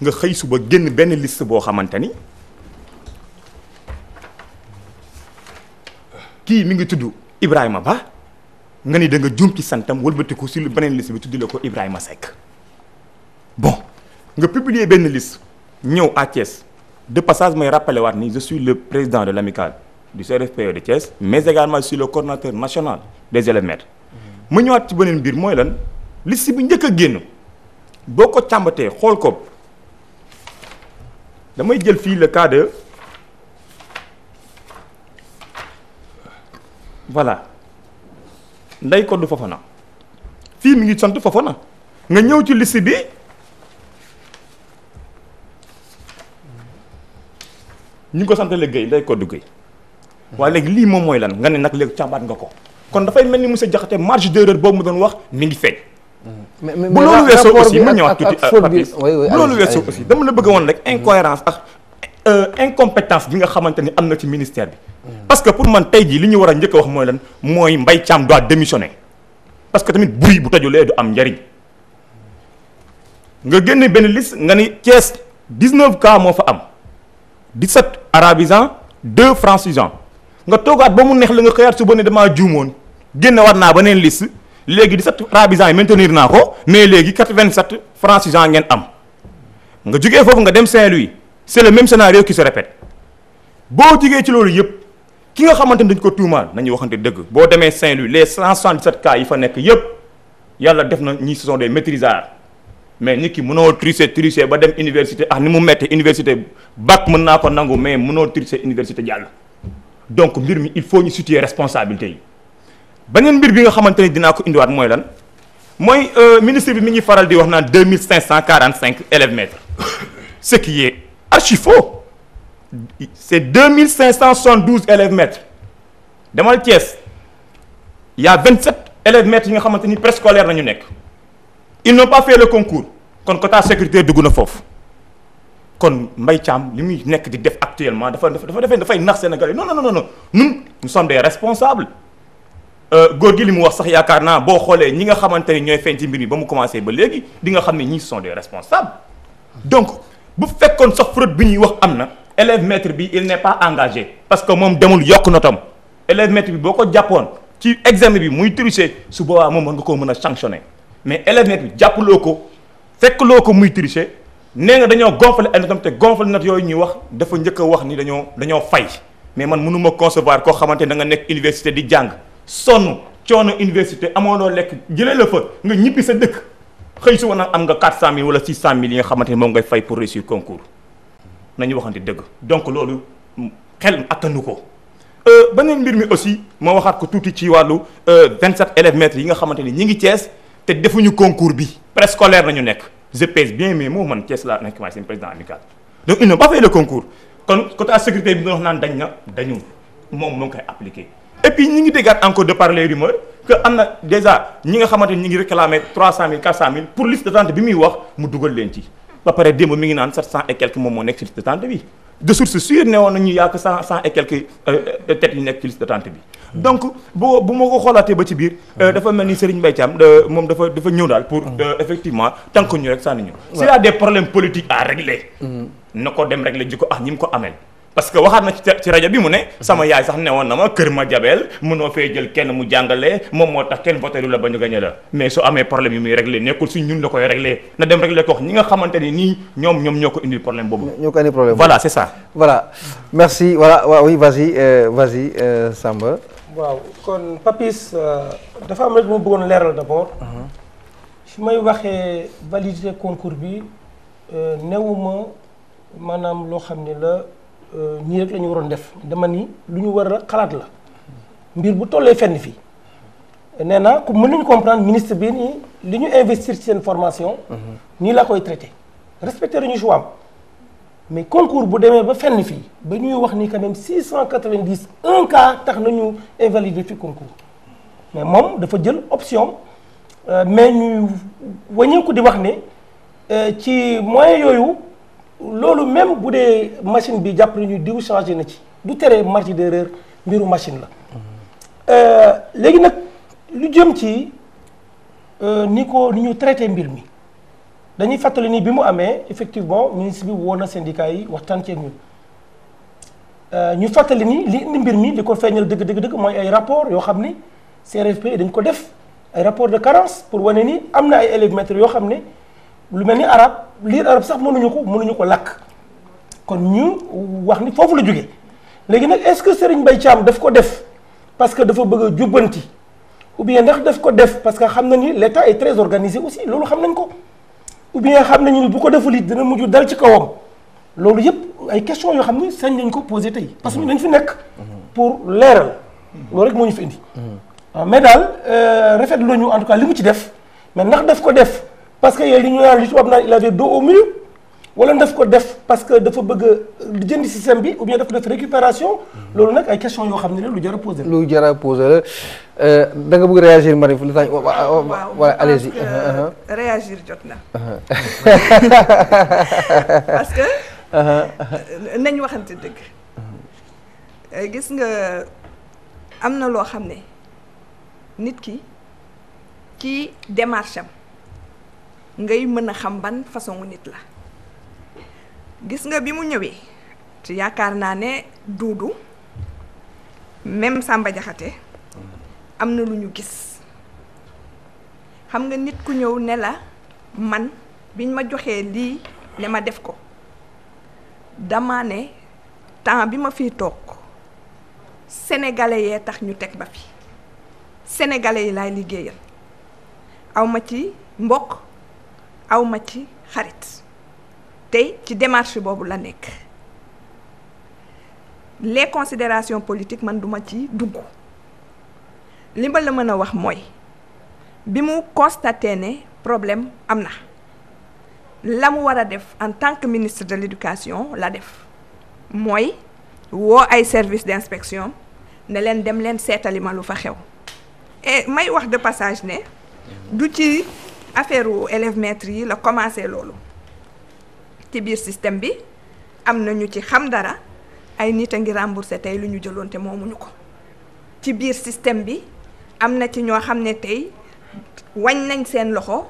nga xëy suba génn benn liste boo xamante ni kii mu ngi tudd Ibrahima Ba nga ni da nga ci santam wëlbatiku si beneen liste bi tudd la ko Ibrahima sekk bon nga publier benn liste ñëw à de passage may rappelé waat ni je le président de l'amicale du CRFPE de Thiès mais également je suis le coordonnateur national des élèves maîtres mu mmh. ñëwaat ci beneen mbir mooy lan liste bu njëkk a génn boo ko càmbatee xool ko damay jël fii le cas de voilà Ndeye Codou Fofana fii mu ngi sant Fofana nga ñëw ci liste bi ñu ngi ko santale Guèye Ndeye Codé Guèye waaye léegi lii moom mooy lan nga ne nag léegi càmbaat nga ko kon dafay mel ni monsieur Diakhaté marge d'erreur boobu mu doon wax mi ngi feeñ bu loolu weesoo aussi ma ñëwaat loolu weesoo dama la bëgg woon rek incohérence ak euh, incompétence bi nga xamante ni am na ci ministère bi mm. parce que pour man tey jii li ñu war a njëkk wax mooy lan mooy mbay Thiam doit démissionner parce que tamit bruit bu taju tajulee du am njariñ nga génne benn liste nga ni Thiès 19 cas moo fa am 17 arabisants 2 francisants nga toogaat ba mu neex la nga xëyaat suba ne damaa juumoon génnewaat naa beneen liste léegi 17 arabisants yi maintenir naa ko mais léegi 87 francisants ngeen am nga jógee foofu nga dem Saint-Louis c'est le même scénario qui se répète boo jógee ci loolu yëpp ki nga xamante ni dañ ko tuumaal nañu waxante dëgg boo demee Saint-Louis les 177 cas yi fa nekk yëpp yàlla def na ñi ce sont des maîtrisards mais nit ki mënoo tricher tricher ba dem université ah ni mu metti université bac mën naa ko nangu mais mënoo tricher université jàll donc mbir mi il faut ñu situer responsabilité yi beneen mbir bi nga xamante ni dinaa ko indiwaat mooy lan mooy euh, ministre bi mi ngi faral di wax naan deux mille cinq cent quarante cinq élèves maîtres ce qui est archi faux est deux mille cinq cent soixante douze élèves demal Thiès y' a vingt sept élèves maîtres yi nga xamante ni préscolaire la ñu nekk. ils n'ont pas fait le concours kon quota sécurité dugg na foofu kon Mbaye Thiam li muy nekk di def actuellement dafa dafa dafa dafay nax Sénégal yi non non non non nous nous sommes des responsables euh, góor gi li mu wax sax yaakaar naa boo xoolee ñi nga xamante ni ñooy feeñ ci mbir mi ba mu commencé ba léegi di nga xam ne ñi sont des responsables donc bu fekkoon sax fraude bi ñuy wax am na élève maître bi il n'est pas engagé parce que moom demul yokk notam élève maître bi boo ko jàppoon ci examen bi muy tricher su boobaa moom mën nga koo mën a sanctionner mais élève net bi jàppaloo ko fekkloo ko muy tricher nee nga dañoo gonfale ay notam te gonfale nat yooyu ñuy wax dafa njëkk wax ni dañoo dañoo fay mais man mënuma concevoir koo xamante da nga nekk université di jàng sonn coono université amoo loo lekk jëlee la fa nga ñibbi sa dëkk xëy suba nag am nga 400000 wala 600000 yi nga xamante ni moom ngay fay pour réussir concours nañu waxante dëgg donc loolu xel attanu ko. Euh, ba mbir mi aussi moo waxaat ko tuuti ci wàllu 27 euh, élèves maîtres yi nga xamante ni ñi ngi Cees. te defuñu concours bi préscolaire la ñu nekk je pèse bien mais moo man Thiès laa nekk maay seen président amical donc ils n'ont pas fait le concours kon côté sécurité bi nga naan dañ na dañu moom moo ngi koy appliqué et puis ñi ngi déggaat encore de par les que am na déjà ñi nga xamante ñi ngi réclamé 300000 400000 pour liste d'attente bi muy wax mu dugal leen ci ba pare démb mi ngi naan 700 et quelques moom moo nekk ci liste d'attente ne woon et quelques euh, têtes nekk ci bi donc bu bu ma ko xoolaatee ba ci biir euh, mhm. dafa mel ni Serigne Mbaye caam moom dafa dafa ñëw daal pour mhm. effectivement tànk ñu rek sànni ñu s'il y a des problèmes politiques à régler mhm. na ko dem régler ji ko ah ñi mu ko amee parce que waxaat na ci rajo bi mu ne sama yaay sax newoon na ma kër ma jabeel mënoo fee jël kenn mu jàngalee moom moo tax kenn voté la ba ñu gañe la mais su amee problème yu muy réglé nekkul si ñun la koy réglé na dem réglé ko wax ñi nga xamante ni nii ñoom ñoom ñoo ko indil problème boobu ñoo ko indi problème voilà c'est ça voilà merci voilà waaw oui vas-y euh, vas-y euh, waaw kon Papis euh, dafa am rek mu bëggoon leeral d'abord. Mhm. su may waxee validité concours bi euh, newuma maanaam loo xam ne la euh, nii rek la waroon def dama ni lu ñu war a xalaat la mbir bu tollee fenn fi nee naa ku mën nañu comprendre ministre bi nii li ñu investir ci seen formation. Mhm. nii la koy traité respecté nañu choix am mais concours bu demee ba fenn fii ba ñuy wax ni quand même 690 un cas tax nañu invalider ci concours mais moom dafa jël option euh, mais ñuy wàññeeku di wax ne euh, ci moyen yooyu loolu même bu dee machine bi jàpp nañu diw changé na ci du tere marge d'erreur mbiru machine la mm-hmm. euh, léegi nag lu jëm ci ni ko ni ñu traité mbir mi dañuy fàttali nii bi mu amee effectivement ministre bi woo na syndicat yi waxtaan ceeg ñun euh, ñu fàttali nii li indi mbir mi li ko feeñal dëgg dëgg dëgg mooy ay rapport yoo xam ni CRFP dañ ko def rapport de pour wane ni am na ay élèves yoo xam ne lu mel ni arab lii arab sax mënuñu ko mënuñu ko lakk kon ñu wax ni foofu la jóge léegi nag est-ce que Serigne Mbaye Thiam daf ko def parce que dafa bëgg a jubbanti ou bien ndax daf ko def parce que xam na ni l'État est très organisé aussi loolu xam nañ ko ou bien xam nañu ni bu ko deful it dana mujj dal ci kawam loolu yëpp ay question yoo xam ni sañ nañ ko posé tey parce que ñu dañ fi nekk pour leeral loolu rek moo ñu fi indi mais daal euh, rafetlu ñu en tout cas li mu ci def mais ndax daf ko def parce que yooyu li ñu naan li tubaab naan il avait dos au mur wala daf ko def parce que dafa bëgg a si système bi ou bien daf ko def récupération loolu nag ay question yoo xam ne lu jar a posé lu jar a euh, bëgg réagir Marie lu tax voilà allez euh, euh, réagir jot na parce que nañ waxante dëgg gis nga am na loo xam ne nit ki ci démarche ngay mën a xam ban façon nit la gis nga bi mu ñëwee yaakaar naa ne duudu même Samba Jaxate am na lu ñu gis xam nga nit ku ñëw ne la man biñ ma joxee lii ne ma def ko dama ne temps bi ma fi toog sénégalais yee tax ñu teg ba fi senegale yi laay liggéeyal awma ci mbokk awma ci xarit tey ci démarché boobu la nekk les considérations politiques man duma ci dugg li ma la mën a wax mooy bi mu constaté ne problème am na la mu war a def en tant que ministre de l'éducation la def mooy woo ay service d'inspection ne leen dem leen seetali ma lu fa xew et may wax de passage ne du ci affaire élève maître yi la commencé loolu ci biir système bi am na ñu ci xam dara ay nit a ngi remboursé tey lu ñu jëloon te moomuñu ko ci biir système bi am na ci ñoo xam ne tey wañ nañ seen loxo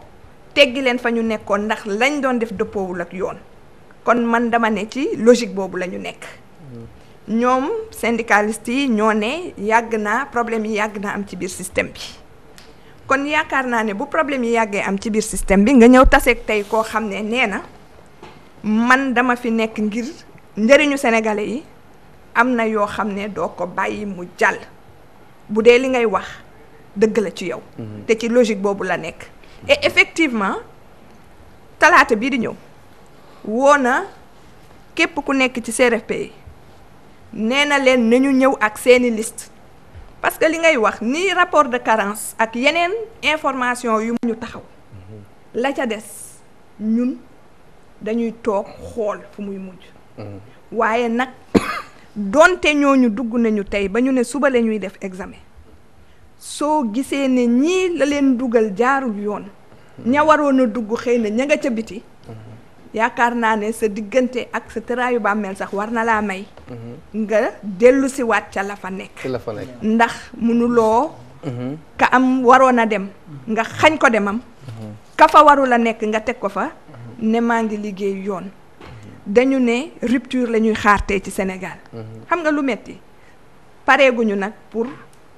teggi leen fa ñu nekkoon ndax lañ doon def dëppoowul ak yoon kon man dama ne ci logique boobu la ñu nekk ñoom syndicaliste yi ñoo ne yàgg naa problème yi yàgg naa am ci biir système bi kon yaakaar naa ne bu problème yi yàggee am ci biir système bi nga ñëw taseek tey koo xam ne nee na man dama fi nekk ngir njëriñu sénégalais yi am na yoo xam ne doo ko bàyyi mu jàll bu dee li ngay wax dëgg la ci yow. Mhm. te ci logique boobu la nekk. effectivement talaata bii di ñëw woo na képp ku nekk ci CRFP yi nee na leen nañu ñëw ak seeni liste parce que li ngay wax ni rapport de carence ak yeneen information yu ñu taxaw mhm. la ca des ñun. dañuy toog xool fu muy mujj mm-hmm. waaye nag donte ñooñu dugg nañu tey ba ñu ne suba la ñuy def examen soo gisee ne ñii la leen dugal jaarul yoon mm-hmm. ña waroon a dugg xëy na ña ca biti mm-hmm. yaakaar naa ne sa diggante ak sa tëraayu bàmmeel sax war na laa may nga dellu waat ca la fa la fa nekk ndax mënuloo ka am waroon a dem nga xañ ko demam ka fa warul a nekk nga teg ko fa ne maa ngi liggéey yoon dañu ne rupture la ñuy xaartee ci Sénégal mhm. xam nga lu metti ñu nag pour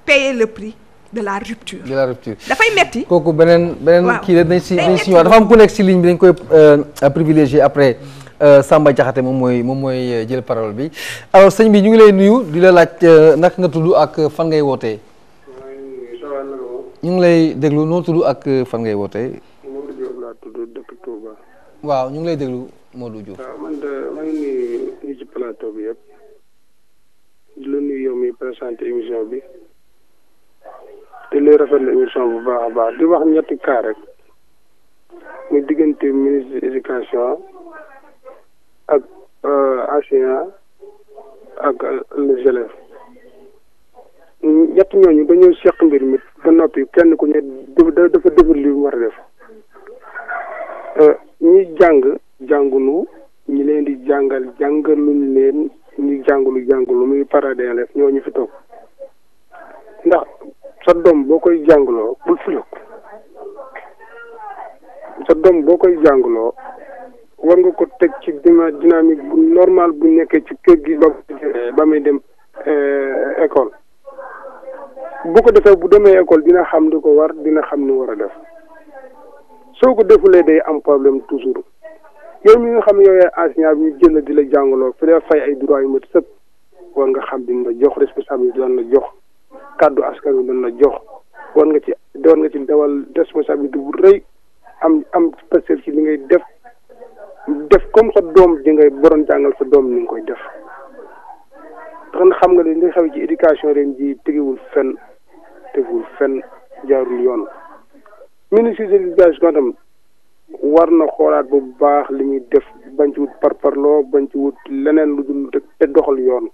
payer le prix de la rupture de la rupture dafay metti kooku beneen beneen kii la dañ si dañ si ku nekk si ligne bi dañ koy euh, privilégié après euh, Samba Diakhaté moom mooy moom mooy euh, jël parole bi alors sëñ bi ñu ngi lay nuyu di la laaj naka nga tudd ak fan ngay wootee ñu ngi lay déglu noo tudd ak fan ngay wootee waaw ñu ngi lay déglu Modou Diouf. waaw man de maa ngi nuyu ñi ci plateau bi yëpp di la nuyu yow mi présenté émission bi te li rafetlu émission bu baax a baax di wax ñetti cas rek muy diggante ministre ak enseignant euh, ak euh, les élèves ñett ñooñu dañoo seq mbir mi ba noppi kenn ku ne dafa dafa defar li mu def. Euh, ñiy jàng jàngunu ñi leen di jàngal jàngaluñ leen ñi jàngulu jàngulu muy paradélève ñoo ñu fi toog ndax sa doom boo koy jàngloo bul fuyok sa doom boo koy jàngloo war nga ko teg ci dina dynamique bu normal bu nekkee ci kër gi ba muy dem eh. eh, école boo ko defee bu demee école dina xam li ko war dina xam ni war a def soo ko defulee day am problème toujours yow mi nga xam ne yow yaay enseignant bi ñu jël di la jàngaloo fi la fay ay droit yu mat sëpp war nga xam di la jox responsabilité lan la jox kàddu askan wi lan la jox war nga ci war nga ci dawal responsabilité bu rëy am am pasteur ci li ngay def def comme sa doom ji ngay borom jàngal sa doom li nga koy def ndax xam nga ne li xew ci éducation ren ji tegewul fenn tegewul fenn jaarul yoon. ministre de l'éducation tam war na xoolaat bu baax li muy def bañ ci wut parparloo bañ ci wut leneen lu dul rek te doxal yoon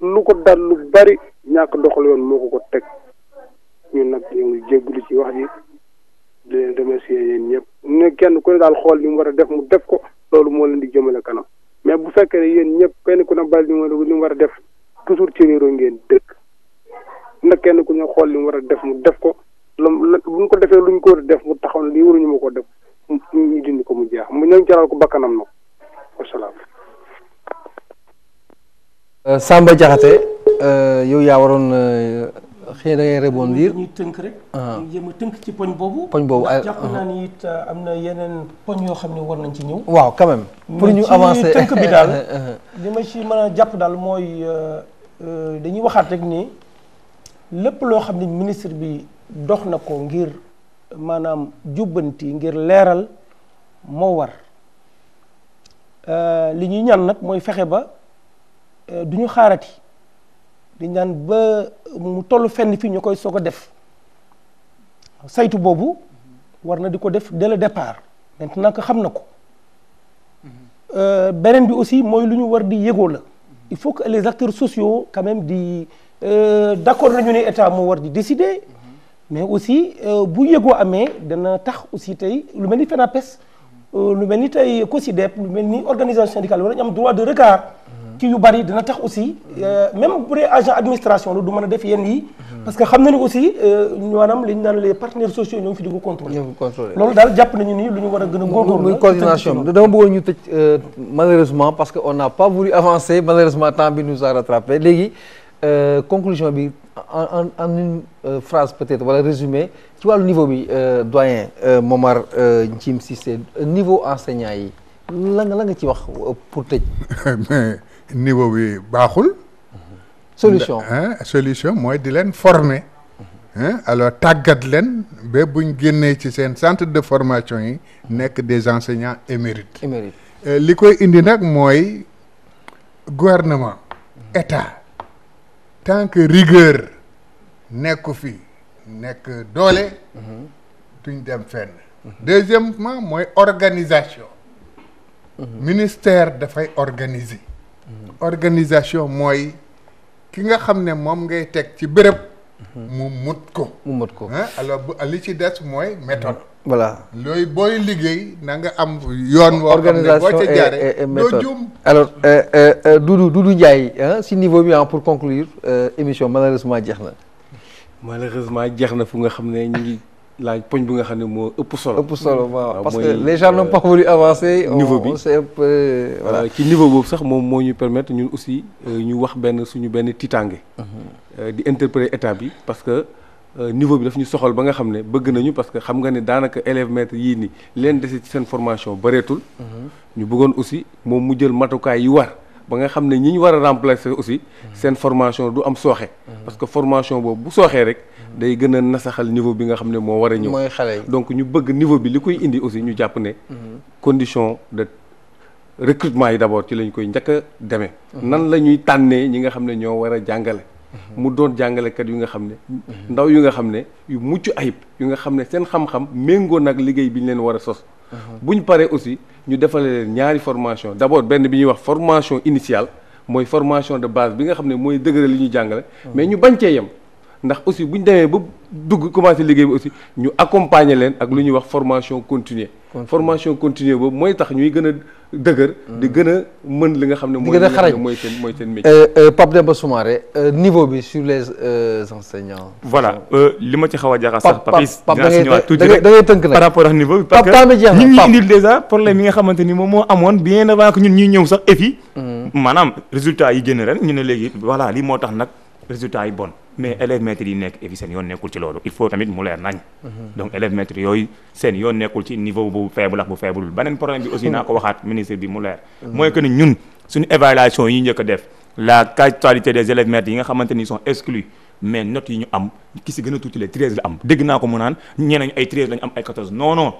lu ko dal lu bari ñàkk doxal yoon moo ko ko teg ñun nag ñu ngi jégalu ci wax ji di leen remercier ñëpp ne kenn ku daal xool li mu war a def mu def ko loolu moo leen di jëmale kanam mais bu fekkee ne yéen ñëpp kenn ku ne bal li mu war a def toujours ci réeroo ngeen dëkk nag kenn ku ne xool li mu war a def mu def ko. lu buñ ko defee luñ ko def mu taxaw lii waruñu ma ko def ñu dindi ko mu jeex mu ñëw jaral ko bakkanam nag wasalaam. Euh, Samba Diakhaté euh, yow yaa waroon euh, xëy na dangay rebondir. ñu tënk rek. Ah. ñu tënk ci poñ boobu. poñ boobu ay jàpp uh-huh. naa ni it am na yeneen poñ yoo xam ne war nañ ci ñëw. waaw quand même. pour ñu avancer tënk bi daal. Uh-huh. li ci mën a jàpp daal mooy dañuy waxaat rek nii lépp loo xam ne ministre bi. dox na ko ngir maanaam jubbanti ngir leeral moo war euh, li ñuy ñaan nag mooy fexe ba euh, du ñu xaarati di ñaan ba mu toll fenn fii ñu koy soog a def saytu boobu war na di ko def dès le départ maintenant que xam na ko euh, beneen bi aussi mooy lu ñu war di yëgoo la il faut que les acteurs sociaux quand même di d'accord nañu ne état moo war di décider mais aussi euh, bu yëgoo amee dana tax aussi tey lu mel ni FENAPES euh, lu mel ni tey COSIDEP lu mel ni organisation syndicale war nañu am droit de regard yu bari dina tax aussi euh, même bu dee agent administration la du mën a def yenn yi. parce que xam na ni aussi maanaam li ñu naan les partenaires sociaux ñoo ngi fi di ko contrôler. loolu daal jàpp nañu ni lu ñu war a gën a góorgóorlu. muy coordination bi dama bëggoon ñu tëj malheureusement parce que on n'a pas voulu avancer malheureusement temps bi nu a rattrapé léegi conclusion bi. en en une euh, phrase peut-être wala voilà, résumé ci wàllu niveau bi euh, doyen euh, Momar euh, Ncim Cissé niveau enseignant yi lang nga la nga ci wax euh, pour tëj. niveau bi baaxul. solution solution mooy di leen former. alors tàggat leen ba buñ génnee ci seen centre de formation yi nekk des enseignants émérites. émérites li koy indi nag mooy gouvernement état. tant que nekku fi nekk doole mhm. duñ dem fenn deuxièmement mooy organisation mhm. ministère dafay organiser mhm. organisation mooy ki nga xam ne moom ngay teg ci bërëb mu mut ko. mu mut ko alors li ci des mooy méthode. voilà looy booy liggéey na nga am yoon. boo xam ne boo ca jaaree doo alors euh, euh, euh, Doudou Doudou Ndiaye si niveau bi ah pour conclure émission malheureusement jeex na. malheureusement jeex na fu nga xam ne ñu ngi. laaj poñ bi nga xam ne moo ëpp solo. ëpp solo waaw parce que les gens n'ont pas voulu avancer. niveau bi c'est un peu ci niveau boobu sax moom moo ñu permettre ñun aussi ñu wax benn suñu benn tiitaange. Mhm. Euh, di interpeller état bi parce que euh, niveau bi daf ñu soxal ba nga xam ne bëgg nañu parce que xam nga ne daanaka élève maître yii ni leen dese seen formation bëreetul. Mhm. ñu bëggoon aussi moom mu jël matukaay yi war ba nga xam ne ñi ñu war a remplacer aussi mhm. seen formation du am sooxe. Mhm. parce que formation boobu bu sooxee rek. day gën a nasaxal niveau bi nga xam ne moo war a ñëw. mooy donc ñu bëgg niveau bi li koy indi aussi ñu jàpp ne. condition de recrutement yi d'abord ci lañ koy njëkk a demee. nan la ñuy tànnee ñi nga xam ne ñoo war a jàngale. mu doon jàngalekat yu nga xam ne ndaw yu nga xam ne yu mucc ayib yu nga xam ne seen xam-xam méngoo nag liggéey bi ñu leen war a sos uh-huh. ñu paree aussi ñu defalee leen ñaari formation d'abord benn bi ñuy wax formation initiale mooy formation de base bi nga xam ne mooy dëgëral li ñuy jàngale uh-huh. mais ñu bañ cee yem ndax aussi bu ñu demee ba dugg commencé liggéey bi aussi ñu accompagner leen ak lu ñuy wax formation continuer formation continuer boobu mooy tax ñuy gën a dëgër. di mm. gën a mën li nga xam ne. di gën a mooy seen mooy seen métier. Euh, euh, Pape Demba Soumaré euh, niveau bi sur les enseignants. voilà li ma ci xaw a jaaxal sax. Pape Pape da ngay da ngay tënk nag par rapport ak niveau bi. parce que ñu ngi indil dèjà problème yi nga xamante ni moom moo amoon bien avant que ñun ñuy ñëw sax EFI. Mm. maanaam résultat yi génn ren ñu ne léegi voilà lii moo tax nag. résultat yi bon mais élèves maîtres yi nekk EFI seen yoon nekkul ci loolu il faut tamit mu leer nañ donc élèves maîtres yooyu seen yoon nekkul ci niveau bu faible ak bu faible beneen problème bi aussi naa ko waxaat ministre bi mu leer mooy que ni ñun suñu évaluation yi njëkk a def la quasi-totalité des élèves maîtres yi nga xamante ni sont mais notes yi ñu am ki si gën a tuuti les treize la am dégg naa ko mu naan ñee nañu ay treize la ñu am ay quatorze non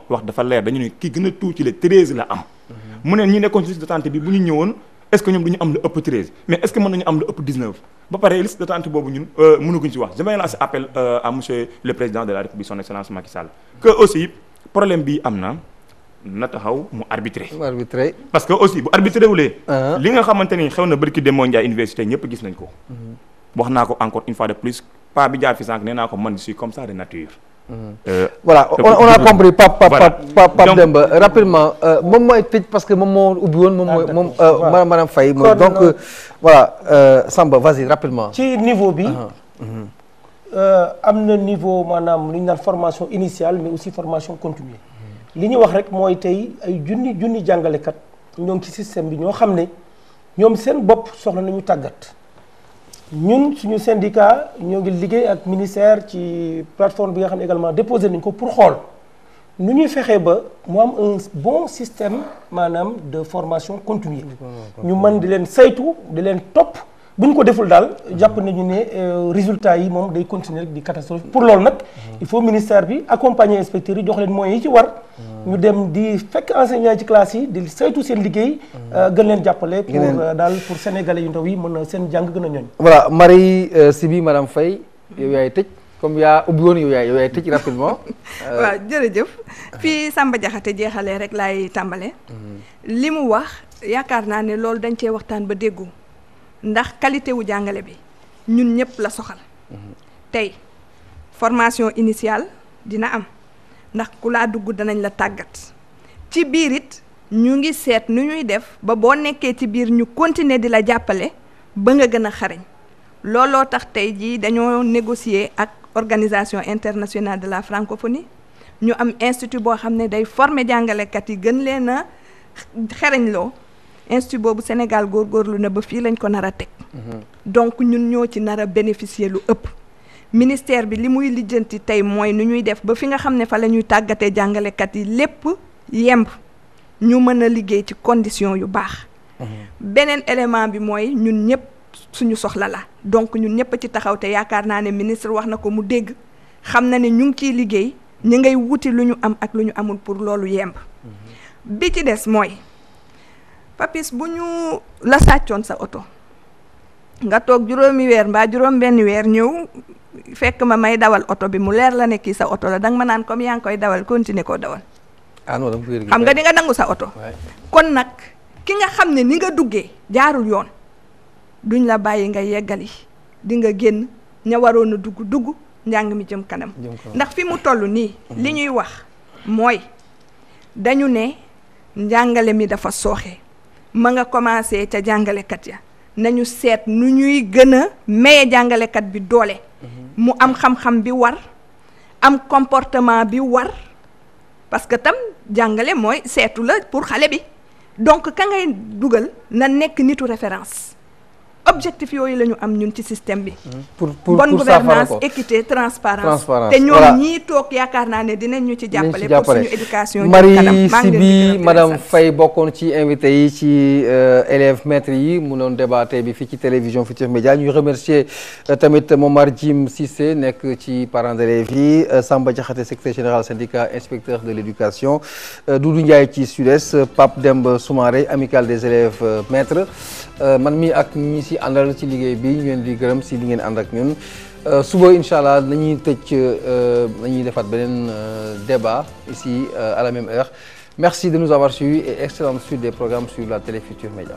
est-ce que ñoom du ñu am lu ëpp 13 mais est-ce que mën nañu am lu ëpp 19 ba pare liste d'attente boobu ñun euh, mënaguñ ci wax damay lancer appel euh, à monsieur le président de la république son excellence Macky Sall que aussi problème bi am na na taxaw mu arbitré. mu arbitré parce que aussi bu arbitré wulee. Ah. li nga xamante ni xew na barki Demba Ndiaye université ñëpp gis nañ ko. Mm-hmm. wax naa ko encore une fois de plus pas bi jaar fi sànq nee ko man Euh, voilà on a compris Pape Pape Pape Demba euh, rapidement euh, moom mooy tëj parce que moom moo ubbi woon moom mooy ah, moom maanaam maanaam Faye donc voilà Samba vas-y rapidement ci niveau bi uh-huh. am na niveau maanaam lu ñu naan formation initiale mais aussi formation continue uh-huh. li ñu wax rek mooy tey ay junni junni jàngalekat ñoom ci système bi ñoo xam ne ñoom seen bopp soxla nañu tàggat ñun suñu syndicat ñoo ngi liggéey ak ministère ci plateforme bi nga xam ne également déposé nañ ko pour xool nu ñuy fexee ba mu am un bon système maanaam de formation continue ñu man di leen saytu di leen topp bu ñu ko deful daal jàpp nañu ne euh, résultat yi moom day continuer di catastrophe pour loolu nag il faut ministère bi accompagner inspecteurs yi jox leen moyens yi ci war ñu dem di fekk enseignants yi ci classe yi di saytu seen liggéey euh, gën leen jàppale pour euh, daal pour sénégalais yu ndaw yi mën na seen jàng gën a ñooñ voilà Marie Sibi madame Faye yow yaay tëj comme yaa ubbi woon yow yaay yow yaay tëj rapidement waaw jërëjëf fii Samba Diakhaté jeexalee rek laay tàmbale mhm. li mu wax yaakaar naa ne loolu dañ cee waxtaan ba déggoo ndax qualité wu jàngale bi ñun ñëpp la soxal tey formation initiale dina am ndax ku laa dugg danañ la tàggat ci biir it ñu ngi seet nu ñuy def ba boo nekkee ci biir ñu continuer di la jàppale ba nga gën a xarañ looloo tax tey jii dañoo négocier ak organisation internationale de la francophonie ñu am institut boo xam ne day former jàngalekat yi gën leen a loo institut boobu Sénégal góorlu na ba fii lañ ko nar a teg mhm. donc ñun ñoo ci nar a bénéficier lu ëpp ministère bi li muy lijjanti tey mooy nu ñuy def ba fi nga xam ne fa la ñuy tàggatee jàngalekat yi lépp yemb ñu mën a liggéey ci condition yu baax mhm. beneen élément bi mooy ñun ñëpp suñu soxla la donc ñun ñëpp ci taxaw te yaakaar naa ne ministre wax na ko mu dégg xam na ne ñu ngi ciy liggéey ñu ngay wuti lu ñu am ak lu ñu amul pour loolu yemb mhm. bi ci des mooy papis bu ñu la sàccoon sa oto nga toog juróomi weer mbaa juróom benn weer ñëw fekk ma may dawal oto bi mu leer la ne kii sa oto la danga ma naan comme yaa ngi koy dawal continuer koo dawal ah, xam nga di nga nangu sa oto kon nag ki nga xam ne ni nga duggee jaarul yoon duñ la bàyyi nga yeggali di nga génn ña waroon a dugg dugg njàng mi jëm kanam ndax fi mu toll nii li mhm. ñuy wax mooy dañu ne njàngale mi dafa sooxe ma nga commencé ca jàngalekat ya nañu seet nu ñuy gën a maye jàngalekat bi doole mm-hmm. mu am xam-xam bi war am comportement bi war parce que tam jàngale mooy seetu la pour xale bi donc ka ngay dugal na nekk nitu référence objectif yooyu la ñu am ñun ci système bi. Mm-hmm. pour pour bonne gouvernance équité transparence te ñoom ñii toog yaakaar naa ne dinañ ñu ci jàppale. pour suñu éducation Marie Sibi madame Faye bokkoon ci invité yi ci euh, élèves maîtres yi mu doon débatté bi fii ci télévision Futurs Médias ñuy remercier euh, tamit Momar Jim Cissé nekk ci parents d'élèves yi euh, Samba Diakhaté secrétaire général syndicat inspecteur de l'éducation Doudou Ndiaye ci Sud-Est Pape Demba Soumaré amical des élèves maîtres man mi ak ñi si ci àndal ci liggéey bi ñu leen di gërëm si li ngeen ànd ak ñun euh, suba incha allah nañuy tëj euh, nañuy defaat beneen euh, débat ici à la même heure merci de nous avoir suivis et excellente suite des programmes sur la télé Futur Média